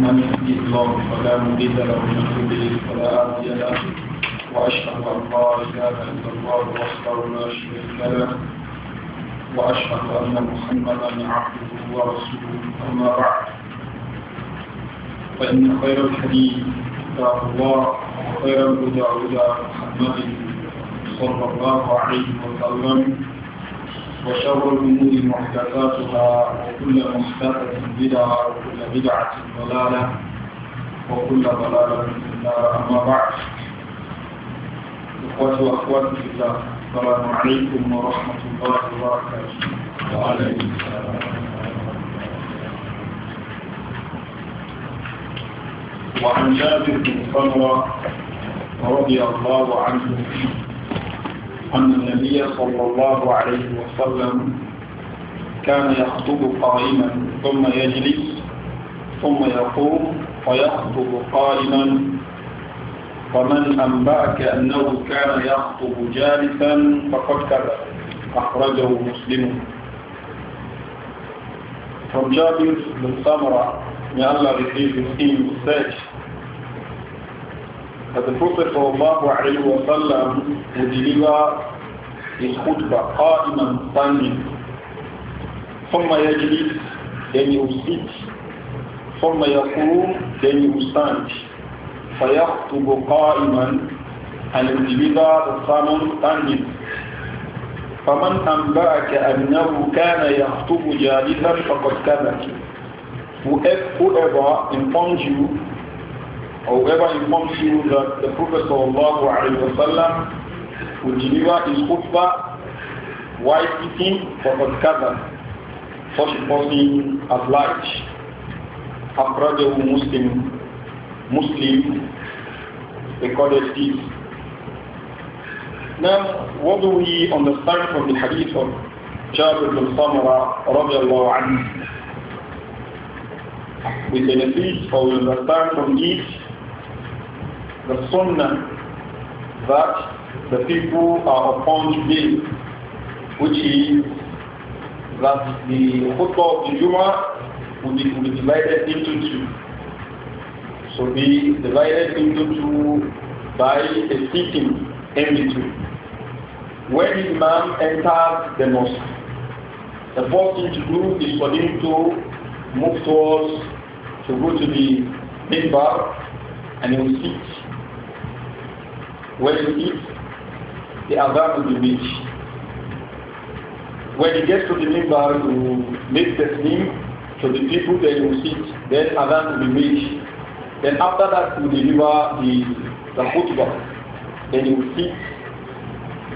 من يهدي الله فلا مضل له ومن يضلل فلا هادي له واشهد ان لا اله الا الله وحده لا شريك له واشهد ان محمدا عبده ورسوله اما بعد فان خير الحديث كتاب الله وخير الهدى هدى محمد صلى الله عليه وسلم وشر الأمور محدثاتها وكل محدثة بدعة وكل بدعة ضلالة وكل ضلالة في النار أما بعد إخوتي وأخواتي في الله السلام عليكم ورحمة الله وبركاته وعليكم السلام وعن جابر بن سمرة رضي الله عنه أن النبي صلى الله عليه وسلم كان يخطب قائما ثم يجلس ثم يقوم فيخطب قائما ومن أنبأك أنه كان يخطب جالسا فقد كذب أخرجه مسلم From Jabir bin Samara, may Allah receive his hymn, said, فتفقه صلى الله عليه وسلم وديليغا الخطبة قائما طنين ثم يجلس يعني يسيت ثم يقوم يعني يستند فيخطب قائما عن الديليغا الصام طنين فمن أنبأك أنه كان يخطب جالسا فقد كذب Whoever informs you or whoever informs you that uh, the Prophet وسلم, will deliver his khutbah while sitting for Qadr, such a person has lied. Akhrajahu Muslim, Muslim recorded this. Now, what do we understand from the hadith of Jabir bin Samara radiallahu anhu? We benefit or we understand from this the sunnah that the people are upon today, which is that the khutbah of the Jummah will be, will be divided into two. So be divided into two by a sitting in between. When Imam enters the mosque, the first thing to do is for him to move towards, to go to the minbar, and he will sit when he eats, the adhan to be reached. When you gets to the member, you make the name to the people, that will sit, then adhan to be reached. Then after that, you deliver the, the khutbah. Then you sit,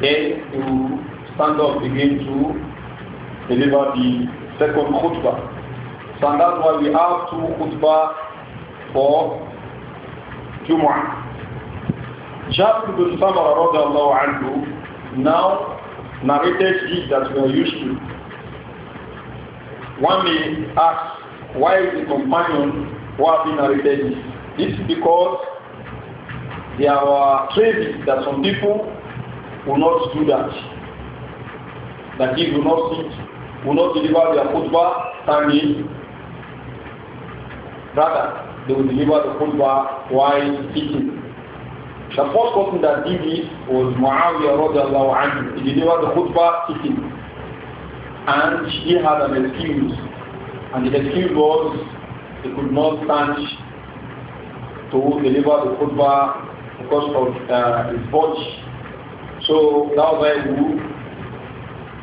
then you stand up again to deliver the second khutbah. So that's why we have two khutbah for Jumu'ah. Jabir bin Samara radiallahu anhu now narrated this that we are used to. One may ask, why is the companion who have been narrated this? This is because there are traits that some people will not do that. That they will not sit, will not deliver their khutbah standing. Rather, they will deliver the khutbah while sitting. The first person that did this was Muawiyah radiallahu anhu. He delivered the khutbah sitting. And he had an excuse. And the excuse was he could not stand to deliver the khutbah because of uh, his body. So that was why he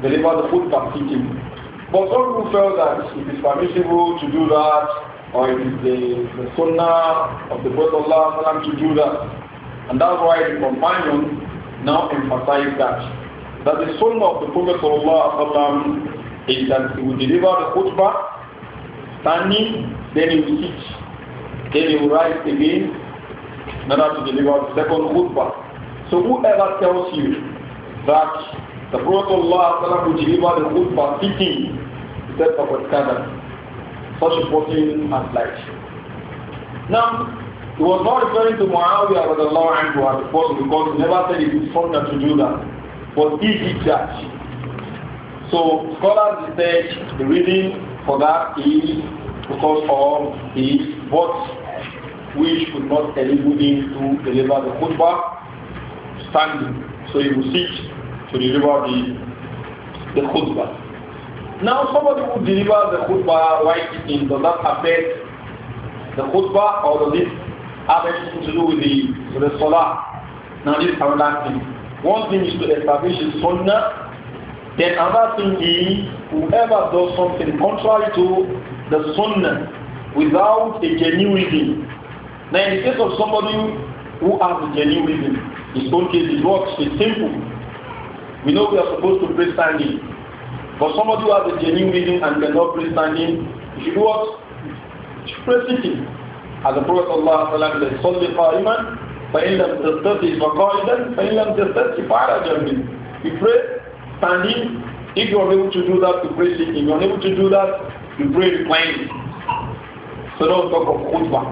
delivered the khutbah sitting. But some people felt that it is permissible to do that or it is the, the sunnah of the Prophet to do that. And that's why the companions now emphasize that. That the sunnah of the Prophet ﷺ is that he will deliver the khutbah standing, then he will sit, then he will rise again in order to deliver the second khutbah. So whoever tells you that the Prophet ﷺ will deliver the khutbah sitting, instead of a standard, such a person has light. Now, he was not referring to Muawiyah law and as the person because he never said it is further to do that. But he did that. So scholars say, the reason for that is because of his words which would not enable him to deliver the khutbah standing. So he will seek to deliver the, the khutbah. Now somebody who delivers the khutbah right in, does that affect the khutbah or does it have anything to do with the, with the Salah. Now this is another thing. One thing is to establish the Sunnah. Then another thing is whoever does something contrary to the Sunnah without a genuine Now in the case of somebody who has a genuine his own case is It's simple. We know we are supposed to pray standing. But somebody who has a genuine reason and cannot pray standing, you do what? You pray sitting. As the Prophet ﷺ said, صَلِّ قَائِمًا فَإِنْ لَمْ تَسْتَطِعْ فَقَائِدًا فَإِنْ لَمْ تَسْتَطِعْ فَعَلَى جَنْبٍ You pray standing. If you are able to do that, you pray sitting. If you are able to do that, you pray reclining. So don't talk of khutbah.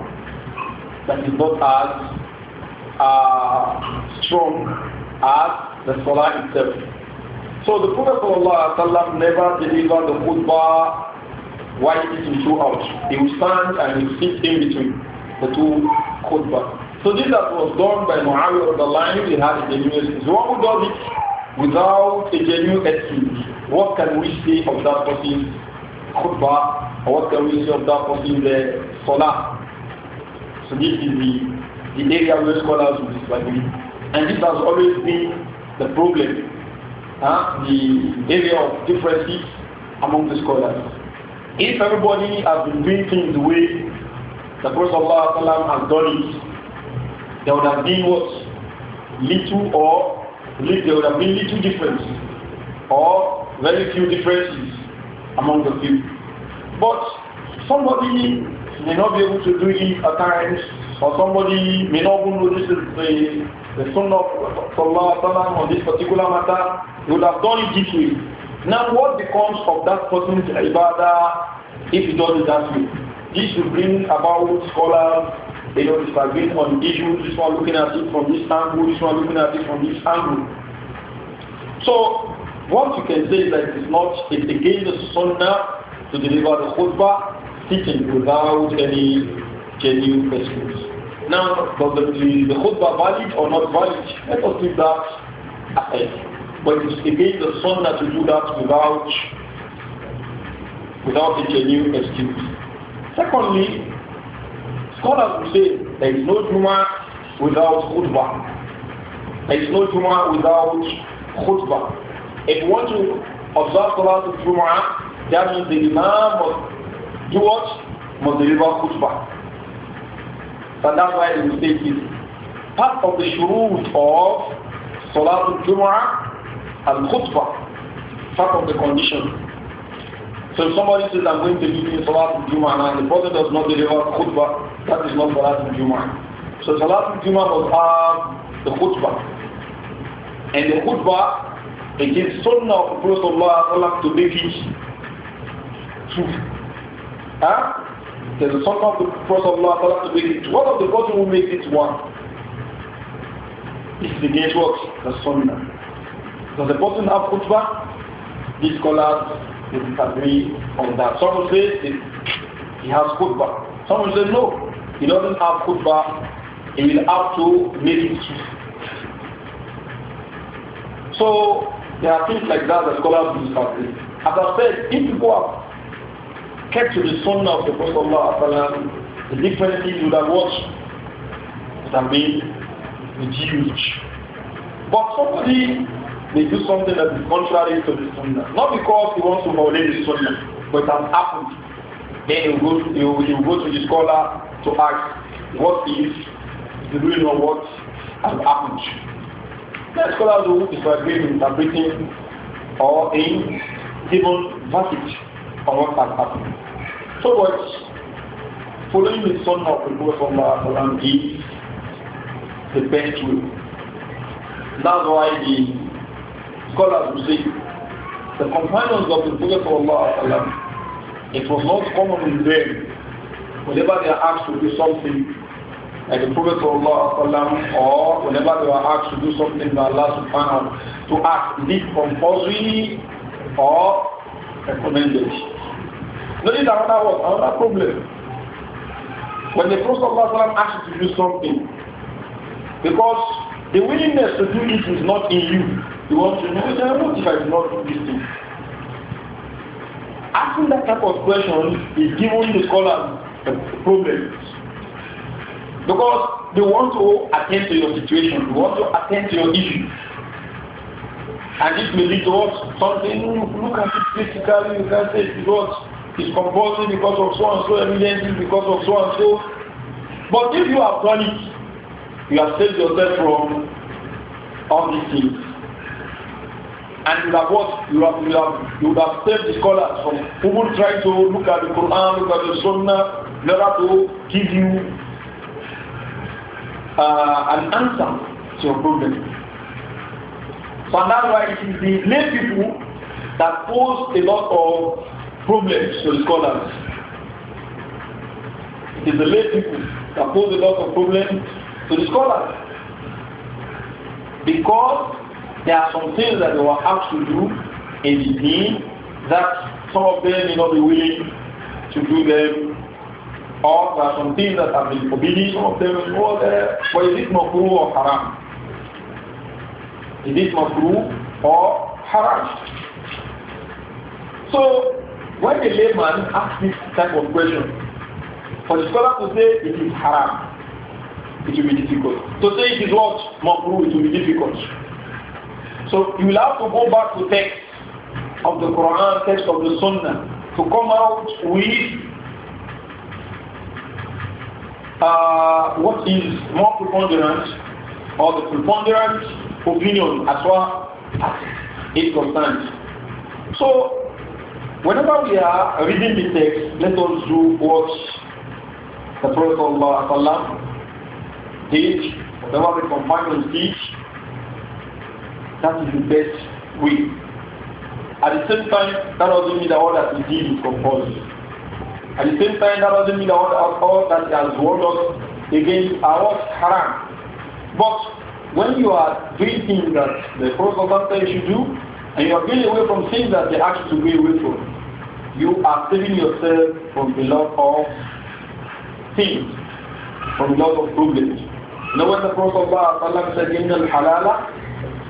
That is not as uh, strong as the salah itself. So the Prophet ﷺ never delivered the khutbah why it will show out. He will stand and he will sit in between the two khutbah. So this that was done by Muawiyah of the line, he had a genuine excuse. One who does it without a genuine excuse, what can we say of that person's khutbah or what can we say of that person's uh, salah? So this is the, the area where scholars will disagree. And this has always been the problem, huh? the area of differences among the scholars. If everybody has been doing things the way the Prophet has done it, there would have been what? Little or there would have been little difference or very few differences among the people. But somebody may not be able to do it at times, or somebody may not know this is the, the sunnah of Allah on this particular matter, he would have done it this way. Now, what becomes of that person's ibadah if he does not that way? This will bring about scholars, you know, disagreeing on issues. This one looking at it from this angle, this one looking at it from this angle. So, what you can say is that it's not it's against the sunnah to deliver the khutbah sitting without any genuine questions. Now, does the, the khutbah valid or not valid? Let us leave that ahead. But it's against the sunnah to do that without without a genuine excuse. Secondly, scholars will say there is no Juma without khutbah. There is no Juma without khutbah. If you want to observe Salat al Jum'ah, that means the Imam must do what? Must deliver khutbah. And that's why the mistake is part of the shurut of Salat al Al-khutbah, part of the condition. So if somebody says, I'm going to give you Salat al-Jum'ah, and the Prophet does not deliver khutbah, that is not Salat al-Jum'ah. So Salat al-Jum'ah was uh, the khutbah. And the khutbah, it is sunnah of the Prophet to make it true. Huh? There's a sunnah of the Prophet to make it What of the person who makes it one? It's the what? The sunnah. Does the person have khutbah? These scholars disagree on that. Some will say he has khutbah. Some will say no, he doesn't have khutbah. He will have to make it. So there are things like that that scholars disagree. As I said, if you have kept to the sunnah of the Prophet Allah, the differences would have It would have been huge. But somebody they do something that is contrary to the sunnah. Not because he wants to violate the sunnah, but it has happened. Then he will, go to, he, will, he will go to the scholar to ask, what is the reason of what has happened? There scholars who disagree in interpreting or in giving verdict on what has happened. So what following the sunnah of the Prophet is the best way. That's why the scholars will say, the companions of the Prophet of Allah, it was not common in them. Whenever they are asked to do something, like the Prophet of Allah, or whenever they were asked to do something by Allah subhanahu to ask, this compulsory or recommended? Notice another was another problem. When the Prophet of Allah asks you to do something, because the willingness to do it is not in you. You want to know? They say, what if I do not do this thing? Asking that type of question is giving the scholar problems. Because they want to attend to your situation, they want to attend to your issue. And this may lead to what? Something, look at it critically, you can say it's It's compulsory because of so and so, evidence because of so and so. But if you have done it, you have saved yourself from all these things. And you have what? You have, you have, you would have saved the scholars from who would try to look at the Quran, look at the Sunnah, in order to give you uh, an answer to your problem. So that's why it is the lay people that pose a lot of problems to scholars. It is the lay people that pose a lot of problems to the scholars. Because there are some things that they will have to do in the deen that some of them may not be willing to do them. Or there are some things that have been forbidden, some of them are go there. But is it makruh or haram? Is it makruh or haram? So when a layman asks this type of question, for the scholar to say it is haram, it will be difficult. To say it is what? Makruh, it will be difficult. So you will have to go back to text of the Quran, text of the Sunnah, to come out with uh, what is more preponderant or the preponderant opinion as far as it concerns. So whenever we are reading the text, let us do what the Prophet Allah, did, whatever the companions teach, that is the best way. At the same time, that doesn't mean that all that we did is compulsory. At the same time, that doesn't mean that all, all that has warned us against our haram. But when you are doing things that the Prophet said you should do, and you are getting away from things that they ask you to go away from, you are saving yourself from the lot of things, from the lot of problems. You know when the Prophet said, the الْحَلَالَ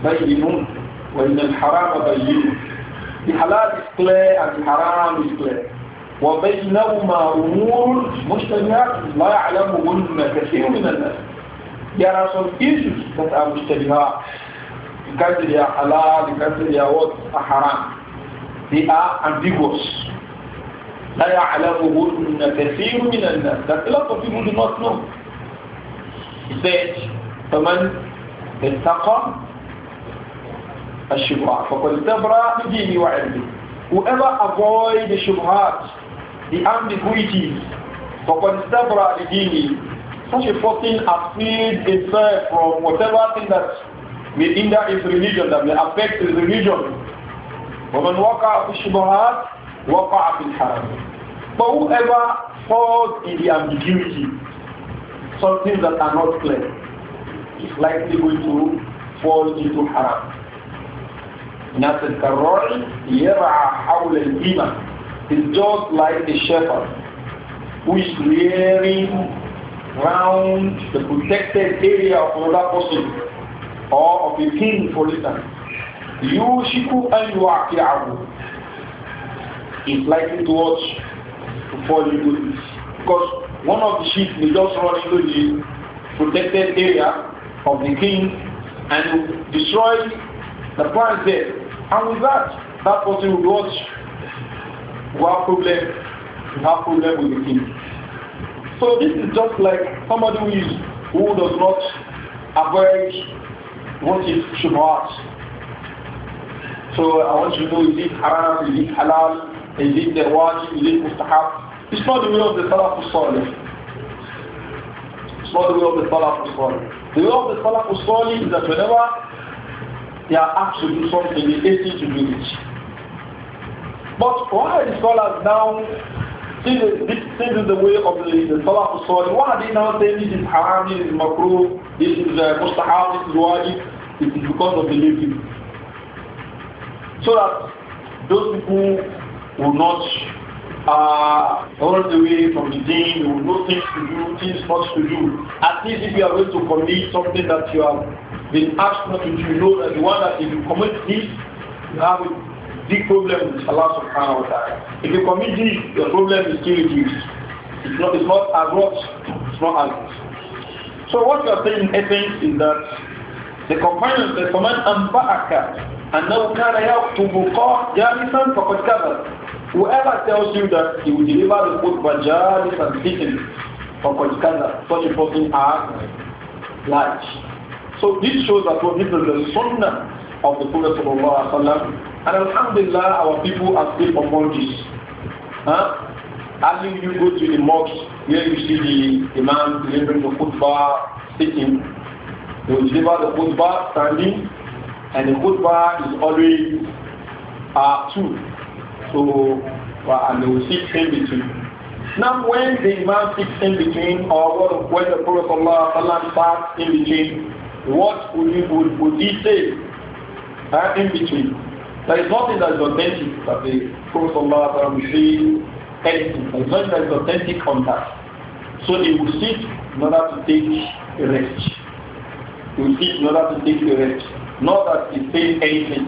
بينون وإن الحرام بينون بحلال إسقلاء بحرام إسقلاء وبينهما أمور مشتبهات لا يعلمهن كثير من الناس يا رسول إيسوس تتعى مشتبهات كثير يا حلال كثير يا وضع حرام هي أمبيغوس لا يعلمهن كثير من الناس لكن لا تفهمون الناس نوم فمن اتقى الشبهات فقد استبرأ بدينه وعلمه Whoever avoid the shubhat, the ambiguities, فقد استبرأ بدينه such a person has freed himself from whatever thing that may hinder his religion, that may affect his religion. وَمَنْ وَقَعَ فِي الشُّبْهَاتِ وَقَعَ فِي الْحَرَامِ But whoever falls in the ambiguity, some things that are not clear, is likely going to fall into haram. نفس كالراعي يرعى حول البيمة is just like a shepherd who is rearing round the protected area of another person or of a king for instance yushiku an yuwaqi'ahu is likely to watch to fall into this because one of the sheep may just run into the protected area of the king and destroy the plant there and with that, that person will watch who have problem, who have problem with the king. So this is just like somebody who, is, who does not avoid what is shubhat. So I want you to know is it haram, is it halal, is it the wajib, is it mustahab. It's not the way of the Salafus It's not the way of the Salafus The way of the Salafus is that whenever they are asked to do something, they hasten to do it. But why are the scholars now, since this is the way of the, the Salaf Salih, why are they now saying this is haram, this is makruh, this is uh, mustahab, this is wajib? It is because of the living. So that those people will not uh, all the way from the deen, They will know things to do, things not to do. At least if you are going to commit something that you have been asked not to you know that the one that if you commit this, you have a big problem with Allah subhanahu wa ta'ala. If you commit this, your problem is still with you. It's not, it's not as much. It's not as much. So what you are saying in essence is that the companions, the command and أنه كان يكتب جالسا فقد كذب. Whoever tells you that he will deliver the khutbah جالسا sitting فقد كذب. Such a person are large. So this shows that well, this is the sunnah of the Prophet and Alhamdulillah our people are still upon this. Huh? As you, you go to the mosque, here you see the imam delivering the khutbah sitting. They will deliver the khutbah standing and the khutbah is always uh, two. So uh, and they will sit in between. Now, when the Imam sits in between, or when the Prophet starts in between, what would, you, would, would he say uh, in between? There is nothing that is authentic that the Prophet will say anything. There is nothing that is authentic on that. So he will sit in order to take a rest. He will sit in order to take a rest. Not that he says anything.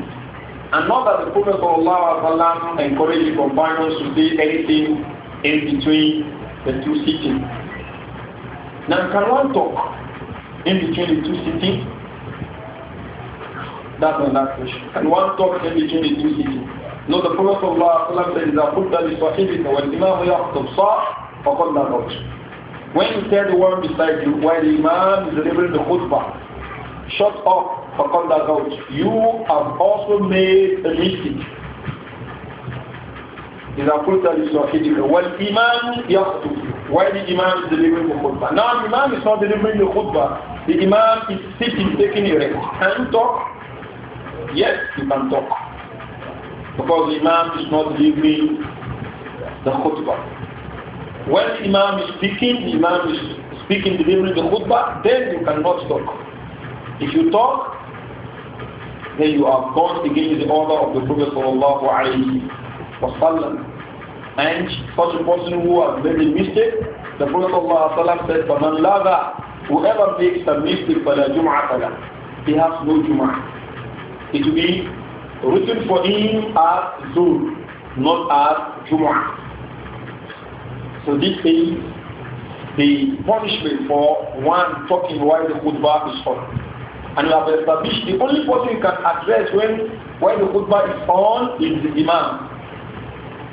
And not that the Prophet encouraged the companions to say anything in between the two sitting. Now can one talk? in between the two cities? That's my last question. And one talks in between the two cities. No, the Prophet of Allah said, إِذَا قُلْتَ لِصَحِبِكَ وَالْإِمَامُ يَخْطُبْ صَعْ that نَظَرْتُ When you tell the one beside you, while the Imam is delivering the khutbah, shut up, that نَظَرْتُ You have also made a mistake. إذا قلت لصاحبك والإمام يخطب while the Imam is delivering the khutbah. Now Imam is not delivering the khutbah. The Imam is sitting, taking a rest. Can you talk? Yes, you can talk. Because the Imam is not giving the khutbah. When the Imam is speaking, the Imam is speaking delivering the khutbah, then you cannot talk. If you talk, then you are gone against the order of the Prophet sallallahu And such a person who has made a mistake, the Prophet sallallahu alayhi wa sallam said, Whoever makes a mistake for the Jum'ah Salah, he has no Jum'ah. It will be written for him as Zul, not as Jum'ah. So this is the punishment for one talking while the khutbah is on. And you have established the only person you can address when while the khutbah is on is the imam.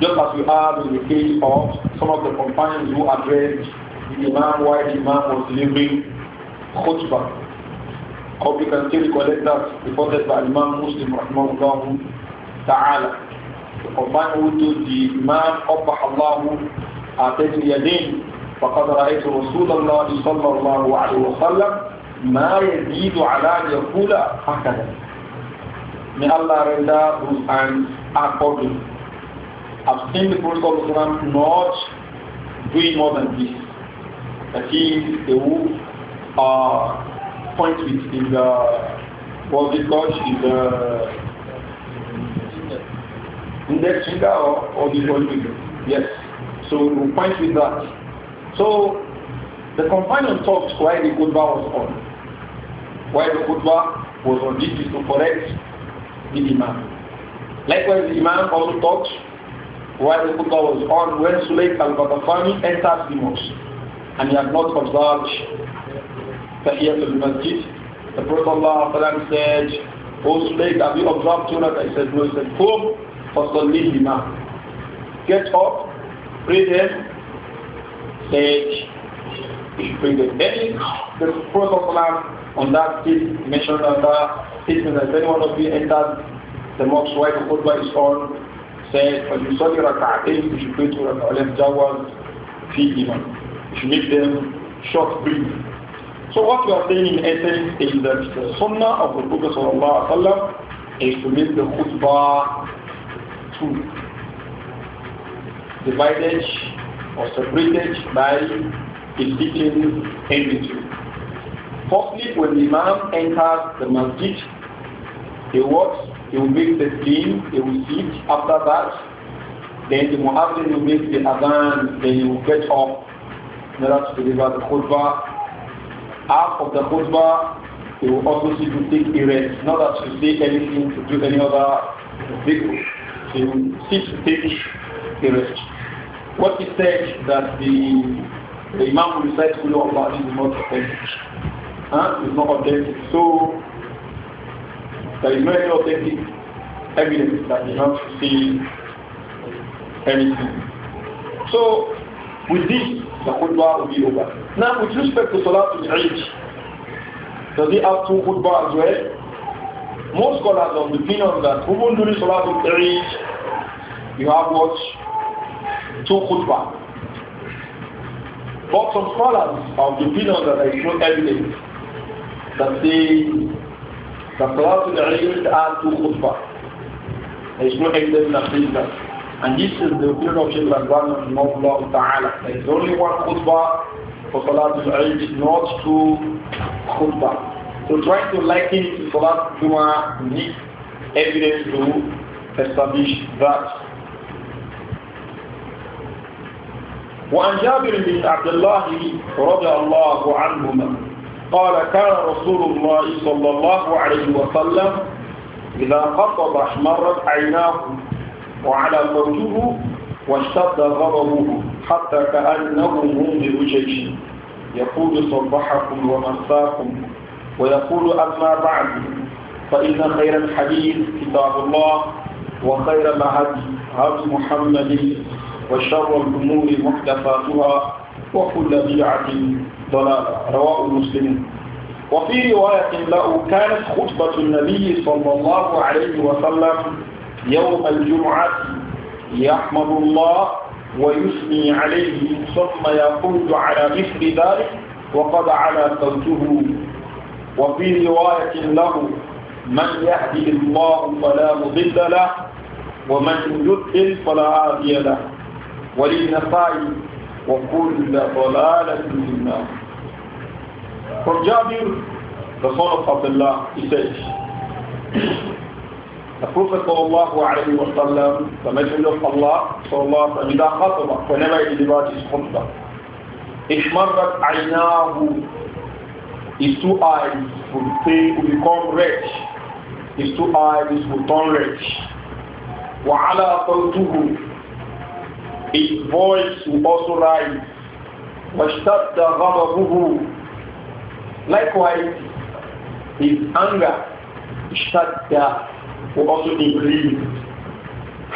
Just as we have in the case of some of the companions who addressed the Imam why the Imam was delivering khutbah. Hope you can still recollect that reported by Imam Muslim Rahmahullah Ta'ala. The Quran who do the Imam Abbah Allah أعطيت اليدين فقد رأيت رسول الله صلى الله عليه وسلم ما يزيد على أن يقول هكذا May Allah render those hands accordingly. I've seen the Prophet not doing more than this. I think they will uh, point with his, uh, what's it called, his index finger or, or the whole finger. Yes. So we will point with that. So the companion talks while the khutbah was on. While the khutbah was on, this is to correct the imam. Likewise, the imam also talks while the khutbah was on when Sulaik al-Batafani enters the mosque and you have not observed Tahiyatul Masjid, the Prophet said, O slave, have you observed two I said, no. He said, Come for Salihima. Get up, pray them, said, pray them. Then the Prophet on that statement, mentioned on that statement that anyone of you enters the mosque while the khutbah is on, said, فَلْيُصَلِّ رَكَعَتَيْنِ You should pray two rak'ah. لَمْ تَوَّلْ فِي إِمَانٍ you should make them short, brief. So what we are saying in essence is that the sunnah of the Prophet wasallam is to make the khutbah two, divided or separated by a sitting entity. Firstly, when the Imam enters the masjid, he walks, he will make the clean, he will sit after that, then the Muhammad will make the Adhan, then he will get up in to deliver the khutbah. Half of the khutbah, you will also see to take a rest, not that you say anything to do any other thing. So you see to take a rest. What he said that the, the Imam will recite you Allah is not authentic. Huh? It's not authentic. So there is no authentic evidence that you have to see anything. So with this, the khutbah will be over. Now, with respect to Salat al-Eid, does they have two khutbah as well? Most scholars of the opinion that even during Salat al-Eid, you have what? Two khutbah. But some scholars of the opinion that there is no evidence that say that Salat al-Eid are two khutbah. There is no evidence that says that. And this is the opinion of Shaykh Al-Bani Rahimahullah Ta'ala. There is only one khutbah for Salatul Eid, not two khutbah. So try to liken Salat Juma needs evidence to establish that. وعن جابر بن عبد الله رضي الله عنهما قال كان رسول الله صلى الله عليه وسلم إذا خطب احمرت عيناه وعلى فرجه واشتد غضبه حتى كأنه منذر جيش يقول صبحكم ومساكم ويقول أما بعد فإن خير الحديث كتاب الله وخير الهدي هدي محمد وشر الأمور محدثاتها وكل بدعة ضلالة رواه مسلم وفي رواية له كانت خطبة النبي صلى الله عليه وسلم يوم الجمعة يحمد الله ويثني عليه ثم يقود على مثل ذلك وقد على صوته وفي رواية له من يهدي الله فلا مضل له ومن يدخل فلا هادي له وللنصائي وكل ضلالة منا النار From Jabir, الله son يقول صلى الله عليه وسلم فمجهل الله صلى الله عليه وسلم إذا خطب فنما إدبات الخطبة اشمرت عيناه His two eyes will pay, to become rich. His two eyes will turn rich. وعلى صوته His voice will also rise. واشتد غضبه Likewise, his anger اشتد will also increase.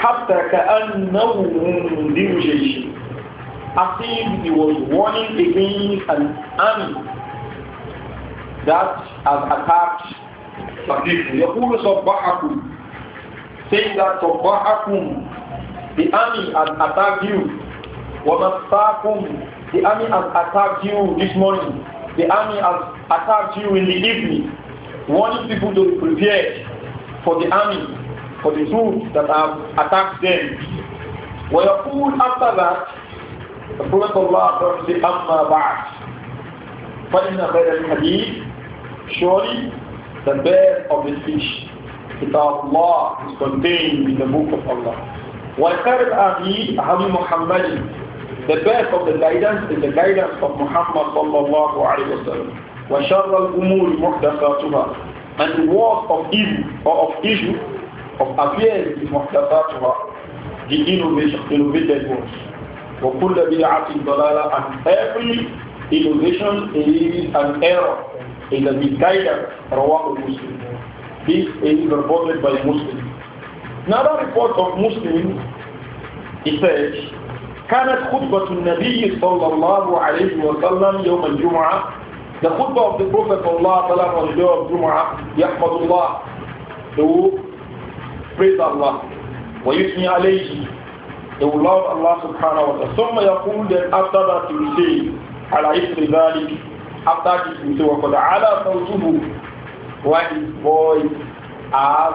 Hatta ka'annahu mundiru jayshi. As if he was warning against an army that has attacked Sadiq. Yaqulu sabbahakum. Saying that sabbahakum, the army has attacked you. وَمَسَّاكُمْ The army has attacked you this morning. The army has attacked you in the evening. Warning people to be prepared for the army, for the troops that have attacked them. ويقول after that, the Prophet Allah says, أما بعد فإن خير الحديث surely the birth of the speech كتاب الله is contained in the book of Allah. وخير الهدي هدي محمد the birth of the guidance is the guidance of Muhammad sallallahu alayhi wa sallam. وشر الأمور محدثاتها And the work of evil or of issue of affairs is muhdathatuha, the innovation, innovated ones. وَكُلَّ بِدْعَةٍ ضَلَالَةٍ And every innovation is an error, in the misguidance, rawah muslim This is reported by Muslim. Another report of Muslim, he says, كانت خطبة النبي صلى الله عليه وسلم يوم الجمعة The khutbah of the Prophet Allah on the day of Jumu'ah, Yahmadullah, they will praise Allah. وَيُثْنِي عَلَيْهِ They will love Allah subhanahu wa ta'ala. ثُمَّ يَقُولُ Then after that he will say, عَلَى إِثْرِ ذَلِكِ After that he will say, وَقَدْ عَلَى صَوْتُهُ Why his voice as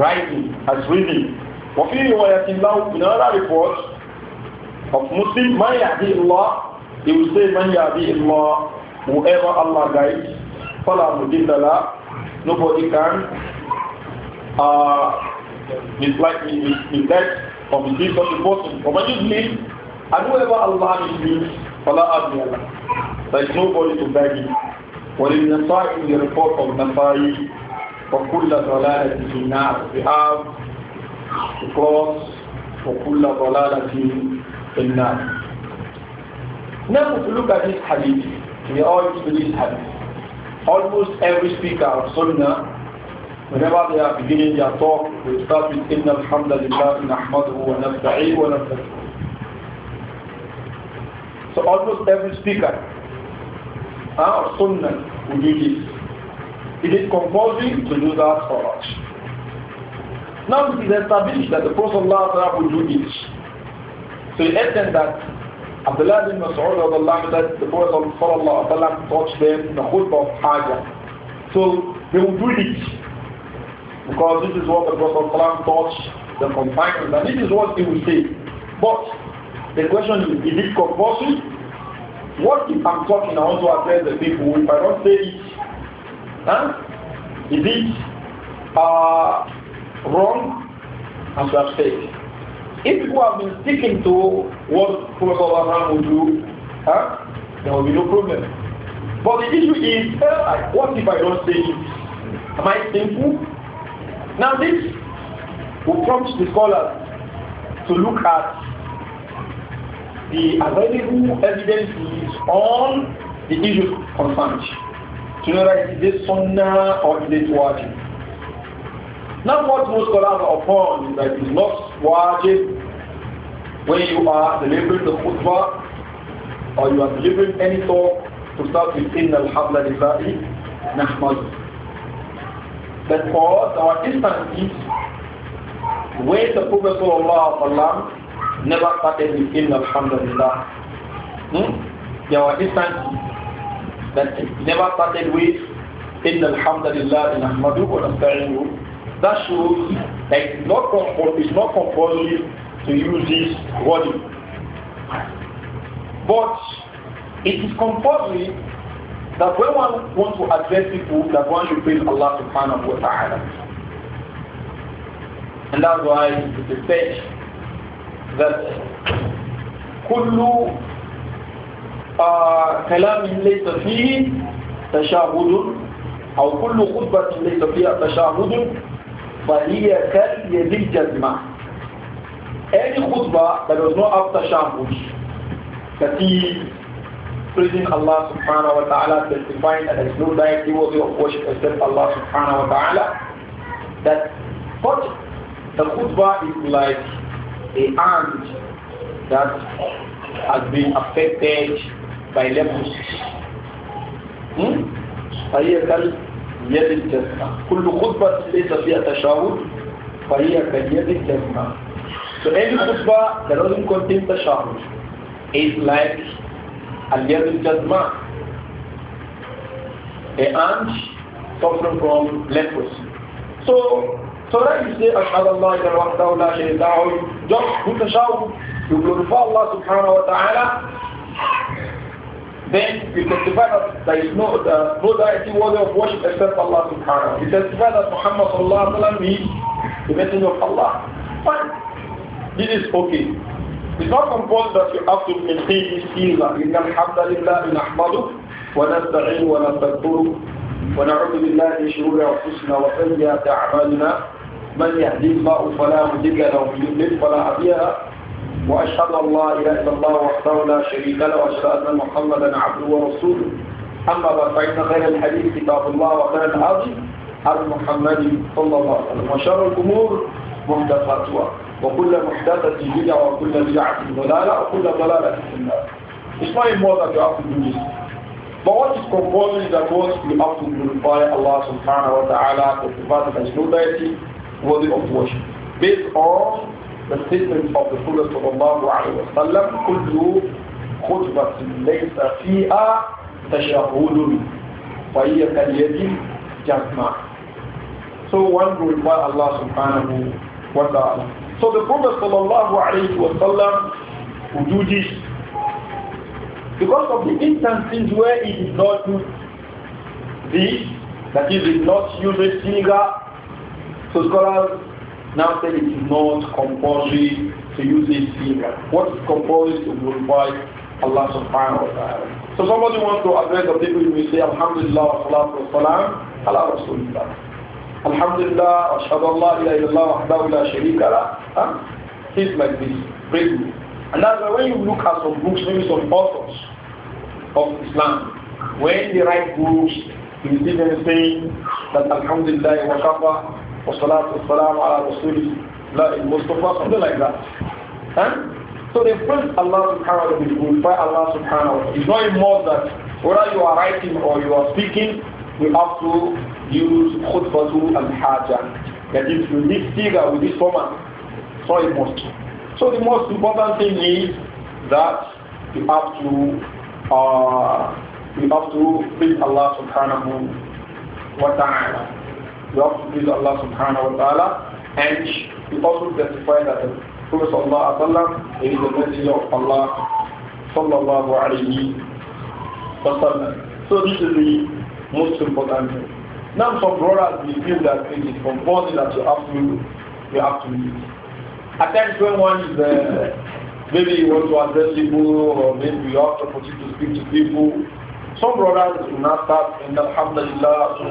rising, as reading. وَفِي رِوَيَةٍ لَهُ In another report of Muslim, مَنْ يَهْدِي Allah, He will say, مَنْ يَهْدِي Allah." Whoever allah guides, fala mu dindala no bo di kan a his me his from his deep of the bottom of my just mean and whoever allah is me fala abdi there is nobody to beg him what is nasai in the report of nasai for kulla dalalat in nar we have the clause for kulla dalalat in nar now if you look at this hadith we all used to this habit. Almost every speaker of Sunnah, whenever they are beginning their talk, they start with Inna alhamdulillah, nahmaduhu wa nasta'i wa nasta'i. So almost every speaker ah, of Sunnah will do this. It is compulsory to do that for us. Now it is established that the Prophet will do this. So it essence that Abdullah bin Mas'ud said the Prophet ﷺ taught them the khutbah of Hajj. So they would do it because this is what the Prophet ﷺ taught the companions and this is what he would say. But the question is, is it compulsory? What if I'm talking, I want to address the people, if I don't say it, huh? is it uh, wrong? As I have said. If people have been sticking to what Prophet Allah would do, huh, there will be no problem. But the issue is, uh, what if I don't say it? Am I sinful? Now this will prompt the scholars to look at the available evidences on the issue concerned. To know that it is sunnah or wajib. Now what most scholars are upon is that it's not wajib when you are delivering the khutbah or you are delivering any talk to start with inna al-habla lillahi nahmad. That for us, our instance is where the Prophet sallallahu never started with inna alhamdulillah. Hmm? There were instances that never started with inna alhamdulillah nahmadu or nasta'inuhu that shows that it's not, it's not compulsory to use this body. But it is compulsory that when one wants to address people, that one should praise Allah subhanahu wa ta'ala. And that's why it is said that كل كلام ليس فيه تشاهد أو كل خطبة ليس فيها تشاهد فهي كاليد الجزمة Any khutbah that was not after shambles, that he praising Allah subhanahu wa ta'ala, testifying that there is no deity worthy of worship except Allah subhanahu wa ta'ala, that but the khutbah is like a hand that has been affected by leprosy. Hmm? يد الجزمة كل خطبة ليس فيها تشاور فهي كيد الجزمة So any khutbah that doesn't contain tashahud is like al-yad al-jazma, a hand suffering from leprosy. So, so that you say, Ashhadu Allah ila wahdahu la sharika lahu, just do tashahud, you glorify Allah subhanahu wa ta'ala, then we testify that there is no, uh, no deity worthy of worship except Allah subhanahu wa ta'ala. We testify that Muhammad sallallahu alayhi wa sallam is the messenger of Allah. Fine. This is okay. It's not compulsory that you have to maintain this silver. إن الحمد لله نحمده ونستعين ونستغفره ونعوذ بالله من شرور أنفسنا وسيئات أعمالنا من يهدي الله فلا مضل له ومن يضلل فلا هادي له وأشهد أن لا إله إلا الله وحده لا شريك له وأشهد أن محمدا عبده ورسوله أما بعد فإن خير الحديث كتاب الله وخير الهدي هدي محمد صلى الله عليه وسلم وشر الأمور محدثاتها وكل محدثة بدعة وكل بدعة ضلالة وكل ضلالة في النار It's not more that you have to do this. But what is composed is that what you have to glorify Allah subhanahu wa ta'ala, to provide that there is deity worthy of worship. Based on the statement of the Prophet sallallahu alayhi wa sallam, كُلُّ خُطْبَةٍ لَيْسَ فِيهَا تَشَهُدٌ فَهِيَ كَالْيَدِ جَزْمًا So one will require Allah subhanahu wa ta'ala. So the Prophet sallallahu alayhi wa sallam would do this because of the instances where he did not do this, that he did not use a finger, so scholars now said it is not compulsory to use this thing. What is compulsory to glorify Allah subhanahu wa ta'ala. So somebody wants to address the people, you will say, Alhamdulillah, salatu wa salam, ala rasulillah. Alhamdulillah, ashadu Allah, ila illallah, wahdahu la sharika la. Things like this, praise me. And that's why when you look at some books, maybe some authors of Islam, when they write books, you see them saying that Alhamdulillah, wa kafa, والصلاة والسلام ala رسول la Mustafa something like that huh? so they praise Allah subhanahu wa ta'ala glorify Allah subhanahu wa ta'ala it's not a more that whether you are writing or you are speaking we have to use khutbatu al-hajah that is with this figure with this format so it must so the most important thing is that you have to uh, you have to please Allah subhanahu wa ta'ala you have to please Allah subhanahu wa ta'ala. And we also testify that the Prophet sallallahu alayhi wa is the messenger of Allah sallallahu alayhi wa sallam. So this is the most important thing. Now some brothers they feel that it is compulsory that you have to you have to meet. At times when one is uh, maybe you want to address people or maybe you have the opportunity to speak to people some brothers will not start in Alhamdulillah to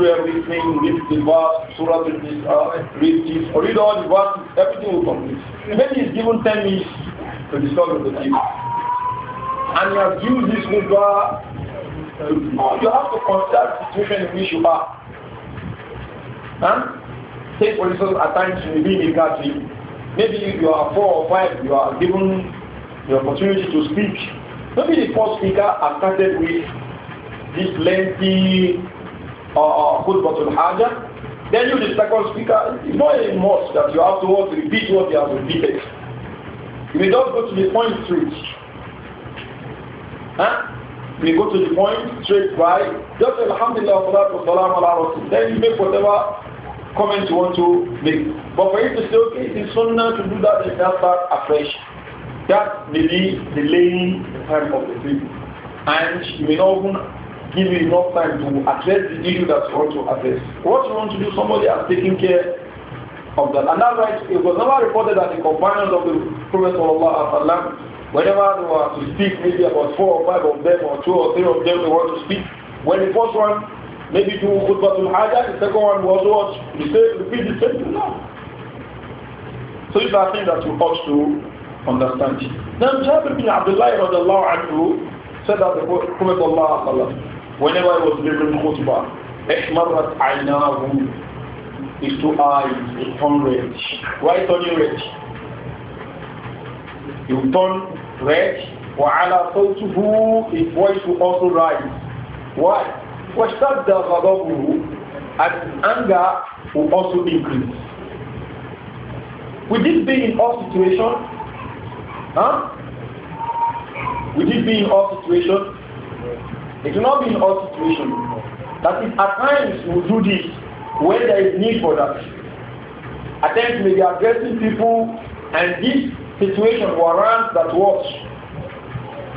do everything, read the verse, Surah al this, read this, or read all the verses, everything will complete. Maybe he's given 10 minutes to discuss with the team, And you have used this mudra, you have to consider the situation in which you are. Huh? Take for instance, at times you may be in a gathering. Maybe you are four or five, you are given the opportunity to speak Maybe the first speaker has started with this lengthy uh, uh bottle haja. Then you, the second speaker, it's not a must that you have to repeat what you have repeated. You may just go to the point straight. Huh? You may go to the point straight right. just Alhamdulillah, salatu salam ala rasul. Then you make whatever comment you want to make. But for you to say, okay, it's sunnah to do that, then start afresh. That may be delaying the time of the people. And you may not even give you enough time to address the issue that you want to address. What you want to do, somebody has taken care of that. And that's right, it was never reported that the companions of the Prophet whenever they were to speak, maybe about four or five of them or two or three of them they want to speak, when the first one maybe do to haja, the second one was what? You said. repeat the same thing. No. So these are things that you ought to Understand? Now Jabir bin Abdullah radiallahu anhu said that the Prophet Allah whenever he was giving khutbah, Ishmarat aynahu, his two eyes will turn red. Why turning red? He will turn red. وعلى صوته his voice will also rise. Why? واشتد غضبه and anger will also increase. With this being in all situations, Huh? Would it be in all situations? It will not be in all situations. That is, at times we do this when there is need for that. At times we are addressing people and this situation warrants that what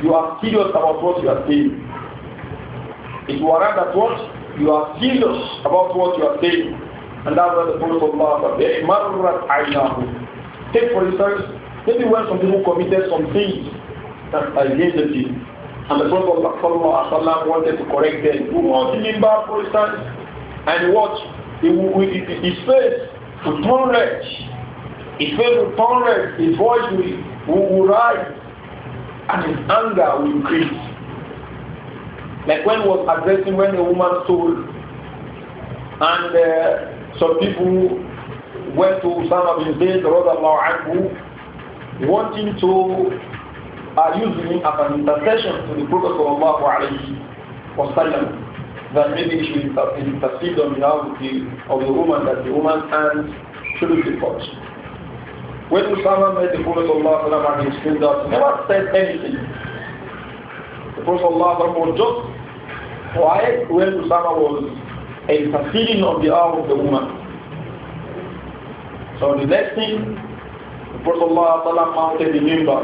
you are serious about what you are saying. It warrants that what you are serious about what you are saying. And that's why the Prophet of Allah said, Take for instance, Maybe when some people committed some things against the people, and the Prophet wanted to correct them. Who was Mimba, for instance, and what? His face would turn red. His face would turn red. His voice will, rise, and his anger will increase. Like when he was addressing when a woman stole, and uh, some people went to Usama bin Zayd, anhu, Wanting to uh, use him as an intercession to the Prophet of Allah for sallam that maybe he should intercede on behalf of the, of the woman that the woman's hands should be touched. When Usama met the Prophet of Allah, wa sallam and he that, never said anything. The Prophet of Allah wa was just quiet when Usama was interceding on behalf of the woman. So the next thing Prophet mounted the member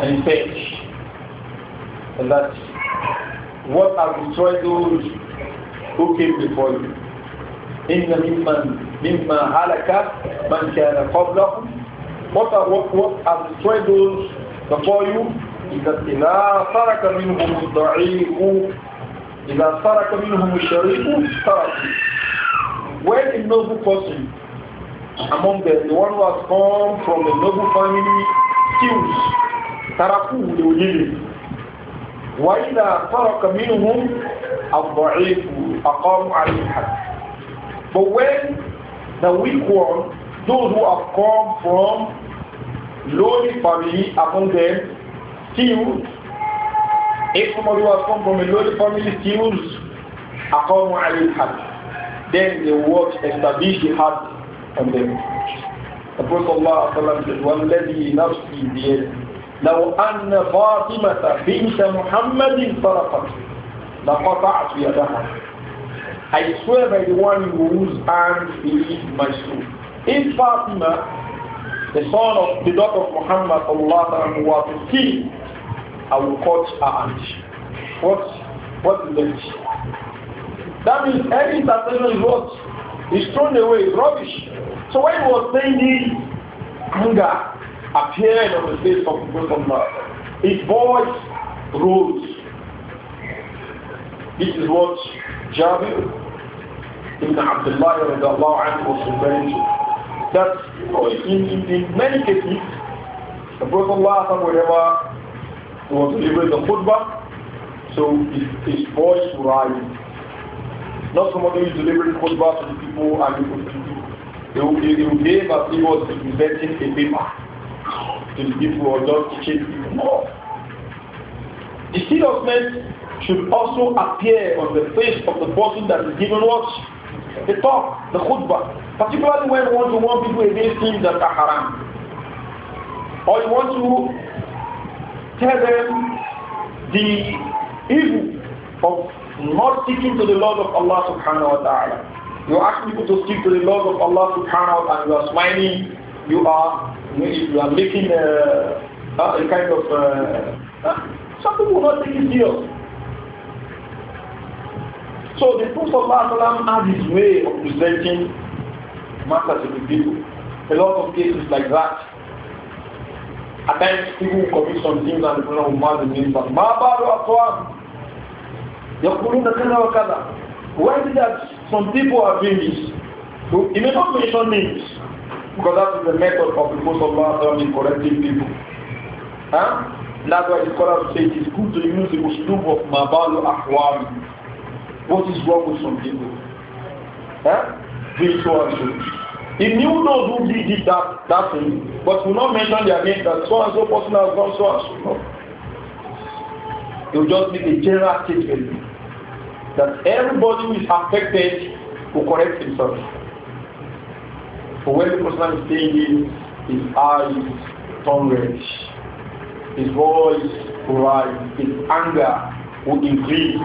and he said that what have destroyed those who came before you? إن ممن مما هلك من كان قبلهم what are, what, what are the struggles before you is that إذا ترك منهم الضعيف إذا ترك منهم الشريف ترك when a noble person among them, the one who has come from a noble family, skills, taraku, they will leave. وَإِذَا تَرَكَ مِنْهُمْ الضَّعِيفُ أَقَامُوا عَلَيْهِ But when the weak one, those who have come from lowly family among them, still, if somebody who has come from a lowly family steals, أَقَامُوا عَلَيْهِ Then they will establish the hard on them. The Prophet said, وَالَّذِي لو أن فاطمة بنت محمد سرقت لقطعت يدها I swear by the one whose hand is my soul. If Fatima, the son of the daughter of Muhammad Allah was to I will cut her hand. What what is that? That means every intercession is what it's thrown away, it's rubbish. So when he was saying this, anger appeared on the face of the Muhammad. His voice rose. This is what Jabir ibn Abdullah was referring to. That in, in, in many cases, the Prophet whenever was delivering the khutbah, so his, his voice rised. Not somebody who is delivering khutbah to the people and the people. They will, behave as he was presenting a paper to the people or just teaching people. No. The seriousness should also appear on the face of the person that is given what? The talk, the khutbah. Particularly when one to warn people against things that are haram. Or you want to tell them the evil of not sticking to the laws of Allah subhanahu wa ta'ala. You ask people to stick to the laws of Allah subhanahu wa ta'ala, and you are smiling, you are, you are making a, a kind of, uh, uh, some people will not take it serious. So the Prophet ﷺ has his way of presenting matters to the people. A lot of cases like that. At times people will commit some things and the Prophet will mark the name, but يقولون كذا وكذا why did that some people are doing this? So, he may not mention names because that is the method of the most of Allah um, in correcting people. Huh? That's why the scholars say it is good to use the uslub of mabalu ahwami. What is wrong with some people? Huh? This so and so. if you know who did that, that thing, but you not mention their name that so and so person has done so and so. No. He will just make a general statement that everybody who is affected will correct himself. For when the person is saying his eyes turn red, his voice will rise, his anger will increase.